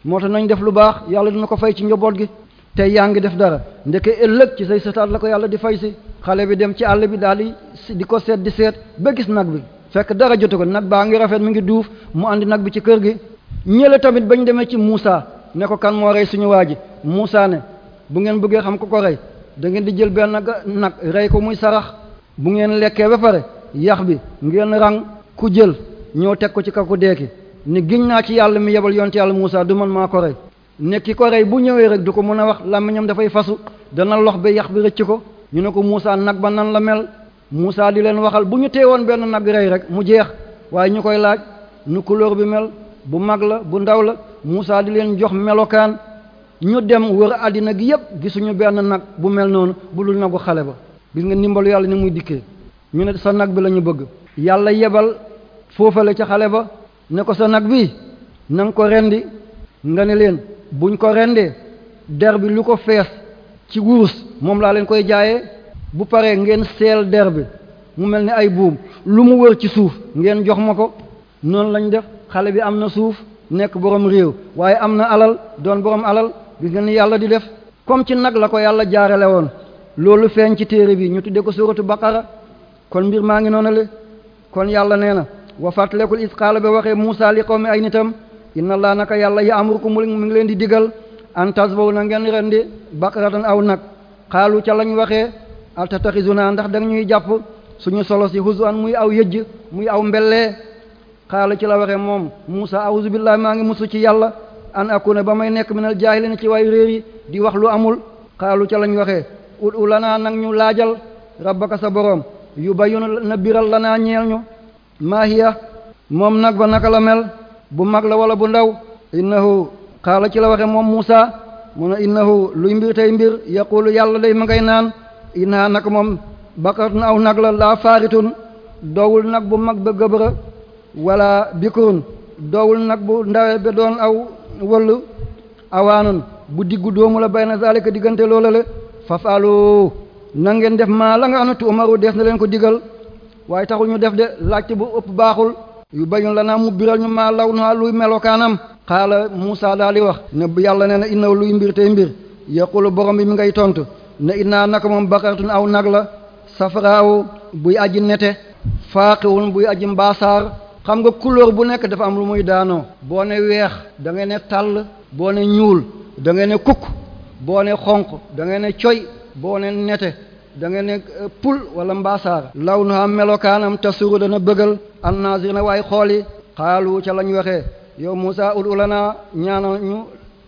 moo tax nañ def lu baax yàlla du dina ko fay ci njoboot gi tey yaa ngi def dara ndeke ëllëg ci say setaat la ko yàlla di fay si xale bi dem ci àll bi daal di di ko seet di seet ba gis nag bi fekk dara jote ko nag baa ngi rafet mu ngi duuf mu àndi nag bi ci kër gi ñële tamit bañ demee ci Moussa ne ko kan moo rey suñu waa ji Moussa ne bu ngeen bëggee xam ko ko rey da ngeen di jël benn nag rey ko muy sarax bu ngeen lekkee ba pare yax bi ngeen ran ku jël ñëw teg ko ci kaw ku deeki ni giñ naa ci yàlla mi yebal yonte yàlla Moussa du man ko rey ne ki ko rey bu ñëwee rek di ko mën a wax làmmiñam dafay fasu dana lox ba yax bi rëcc ko ñu ne ko Moussa nag ba nan la mel Moussa di leen waxal bu ñu teewoon benn nag rey rek mu jeex waaye ñu koy laaj nu couleur bi mel bu mag la bu ndaw la Moussa di leen jox melokaan ñu dem wër àddina gi yëpp gisuñu benn nag bu mel noonu bu dul nagu xale ba gis nga ndimbalu yàlla ni muy dikkee ñu ne sa nag bi la ñu bëgg yàlla yebal foofale ca xale ba ne ko sa nag bi na nga ko rendi nga ne leen buñ ko rendee der bi lu ko fees ci wurus moom laa leen koy jaayee bu paree ngeen seel der bi mu mel ni ay buum lu mu wër ci suuf ngeen jox ma ko noonu lañ def xale bi am na suuf nekk borom réew waaye am na alal doon borom alal gis nga yàlla di def comme ci nag la ko yàlla jaarale woon loolu feeñ ci téere bi ñu tuddee ko suratu baqara kon mbir maa ngi noonale kon yàlla nee na wa fàttalekul isqaala ba waxee Muusaa li qawmi ay nitam inna laa naka yàlla ya'murukum mu ngi leen di digal an tasbaw na ngeen rendi baqaratan aw nag xaalu ca lañ waxee naa ndax da ñuy jàpp suñu solo si huzu an muy aw yëj muy aw mbellee xaala ci la waxee moom Muusa awuzu billahi maa ngi musu ci yàlla an akuna ba may nekk minal jaahiliina ci waay réer yi di wax lu amul xaalu ca lañ waxee ud u naa nag ñu laajal rabbaka sa boroom yubayyinu na biral lanaa ñeel ñu maahiya moom nag ba naka bu mag la wala bu ndaw innahu xaala ci la waxe moom Muusa mu ne innahu luy mbir tey mbir yaqulu yàlla day ma ngay naan inaa nag moom baqarat na aw nag la laa faaritun doowul nag bu mag ba gëbëra wala bikurun doowul nag bu ndawee ba doon aw wëllu awaanun bu diggu doomu la bayna zalika diggante loola la fafaalu na ngeen def maa la nga am na tuumaru na leen ko digal waaye taxul ñu def de laajte bu ëpp baaxul yu bayin lanaa mu biral ñu maa law naa luy melokaanam xaala Muusa daal di wax ne yàlla nee na innaw luy mbir tey mbir yaqulu borom bi mu ngay tontu ne innaa naka moom na aw nag la safraaw buy aji nete faaqiwun buy aji mbaasaar xam nga couleur bu nekk dafa am lu muy daanoo boo ne weex da ne tàll boo ne ñuul da ngay ne kukk boo ne xonq da ngay ne coy boo ne nete da nga nekk euh, pul wala mbaasaara law nu am melokaanam tasuru dana bëggal annaasir na waaye xool yi xaalu ca lañ waxee yow Muusa ul ulanaa ñaana ñu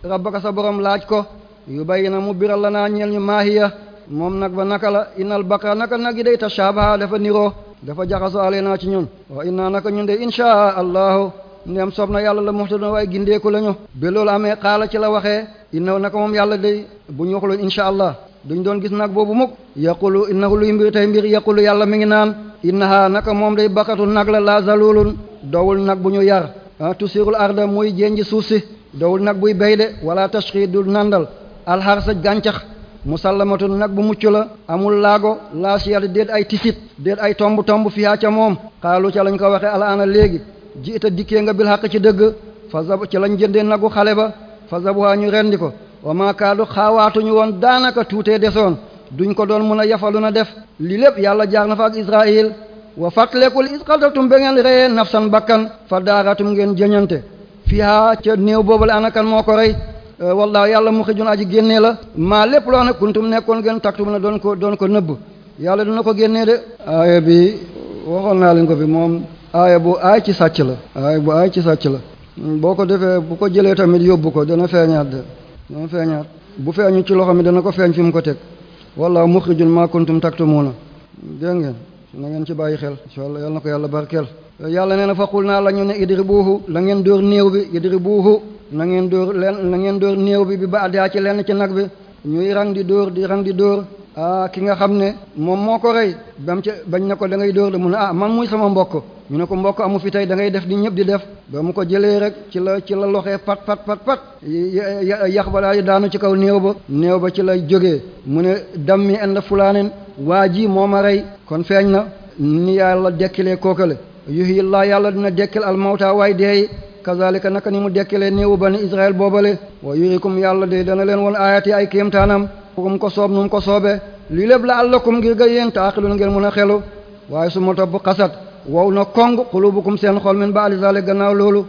rabbaka sa borom laaj ko yu bay na mu biral la naa ñeel ñu maahiya moom nag ba naka la inal baqara naka nag yi dey day tashabaha dafa niroo dafa jaxasoo ale naa ci ñun wa inna naka ñu de insha allahu ndem soob na yàlla la muxtaduna waaye gindeeku la ñu ba loolu amee xaala ci la waxee inna naka moom yàlla day bu ñu waxuloon allah duñ doon gis nag boobu mukk yaqulu innahu luy mbir tey mbir yaqulu yàlla mi ngi naan innaha naka moom day bakkatu nag la la zalulun dowul nag bu ñu yar ah, tusirul arda muy jénji suuf si dowul nag buy béy de wala tashqi du nandal alxarsa gàncax musallamatun nag bu mucc la amul laago laa siyat déet ay tisit déet ay tomb tomb fiyaa ca moom xaalu ca lañ ko waxe alaana léegi jiita dikkee nga bil xaq ci dëgg fa zab ci lañ jëndee nagu xale ba fa zabuha ñu rendi ko wa maakaadu xaawaatuñu woon daanaka tuutee desoon duñ ko doon mën a yafalu na def lii lépp yàlla jaar na fa ak israil wa fàttalekul isqatatum ba ngeen reyee nafsan bakkan fa daaratum ngeen jëñante fiha ca néew boobale anakan moo ko rey euh, wallaahu yàlla mu xijun aji génnee la maa lépp loo ne kuntum nekkoon ngeen taktum na doon ko doon ko nëbb yàlla dina ko génnee de aaya bi waxoon naa leen ko bi moom aaya bu aay ci sàcc la aaya bu aay ci sàcc la hmm, boo ko defee bu ko jëlee tamit yóbbu ko dana feeñaat dama feeñaat bu feeñu ci loxo mi dana ko feeñ fi mu ko teg walla muxrijun maa kuntum taktumuna dégg ngeen na ngeen ci bàyyi xel incha allah yal na ko yàlla barkeel yàlla nee na faqul naa la ñu ne idribuuhu la ngeen dóor néew bi idribuuhu na ngeen dóor leen na ngeen dóor néew bi bi ba adaa ci lenn ci nag bi ñuy rang di dóor di rang di dóor ah ki nga xam ne moom moo ko rey bam ca bañ na ko da ngay dóor de mun a ah man muy sama mbokk ñu ne ko mbokk amu fi tey da ngay def di ñëpp di def ba mu ko jëlee rek ci la ci la loxee pat pat pat pat yax ba daal daanu ci kaw néew ba néew ba ci la jóge mu ne dammi ànd fulaanin waa ji moom a rey kon feeñ na ni yàlla dekkilee kookale yuhyi laa yàlla dina dekkil al mawta waay deey kazalika naka ni mu dekkilee néewu bani israel boobale wa yurikum yàlla de dana leen woon ayati ay kéemtaanam kum ko soob nu mu ko soobee lii lépp la allakum ngir ga yéen taaqiluun ngeen mën a xelu waaye su ma topp xasat wow na kong xulubukum seen xol min baali zaale gannaaw loolu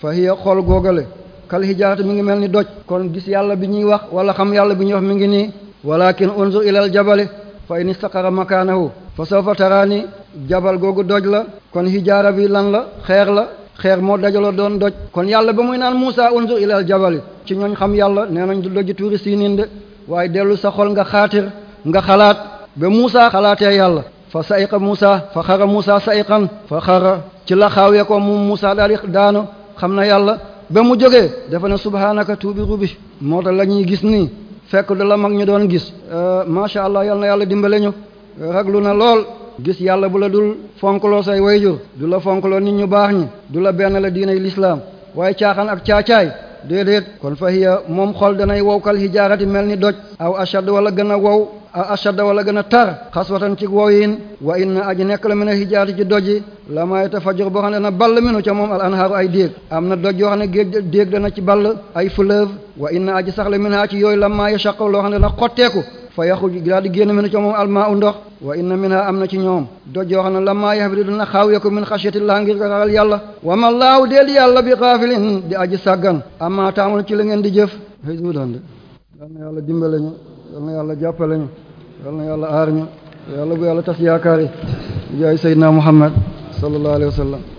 fa hiya xol googale kal hijaarati mi ngi mel ni doj kon gis yàlla bi ñuy wax wala xam yàlla bi ñuy wax mi ngi nii walakin unzur ilal jabali fa in istaqara makaanahu fa sawfa taraani jabal googu doj la kon hijaara bi lan la xeer la xeer moo dajaloo doon doj kon yàlla ba muy naan Muusa unzur ilal jabali ci ñooñ xam yàlla nee nañ du doji tuuri siinin de waaye dellu sa xol nga xaatir nga xalaat ba Muusa xalaatee yàlla fa sayqa Moussa fa xara Moussa sayqan fa xara ci la xaawee ko moom Moussa daal di daanu xam na yàlla ba mu jógee dafa ne subhaanaka tuubi rubi moo tax la ñuy gis nii fekk da la mag ñu doon gis euh, macha allah yàlla dimbale ñu lu na lool gis yàlla bu la dul fonkloo say wayjur du la loo nit ñu baax ñi du la benn la diinay lislaam waaye caaxaan ak caacaay déedéet kon fa hiya moom xol danay wow kal hijaarati mel ni doj aw ashad wala gën a wow ashadda wala gën a tar xaswatan ci woyin wa inna aji nekk la min a hijaati ci doji la may tafajjur boo xam ne na ball minu ca moom al anhaaru ay déeg am na doj yoo xam ne déeg dana ci ball ay fleuve wa inna aji saxle min haa ci yooyu la may shaqu loo xam ne na xotteeku fa yaxuj daal di génn minu ca moom al maa u ndox wa inna min ha am na ci ñoom doj yoo xam ne la maa yahbidu dana xaawiyeku min xasyatillah ngir ragal yàlla wa ma laahu deel di la ngeen di jëf yal na yàlla dimbale ñu yal na yàlla jàppale yal na yàlla aar ñu yàlla bu yàlla tas yaakaar yi jaay Seydina Muhammad sallallahu alayhi wa sallam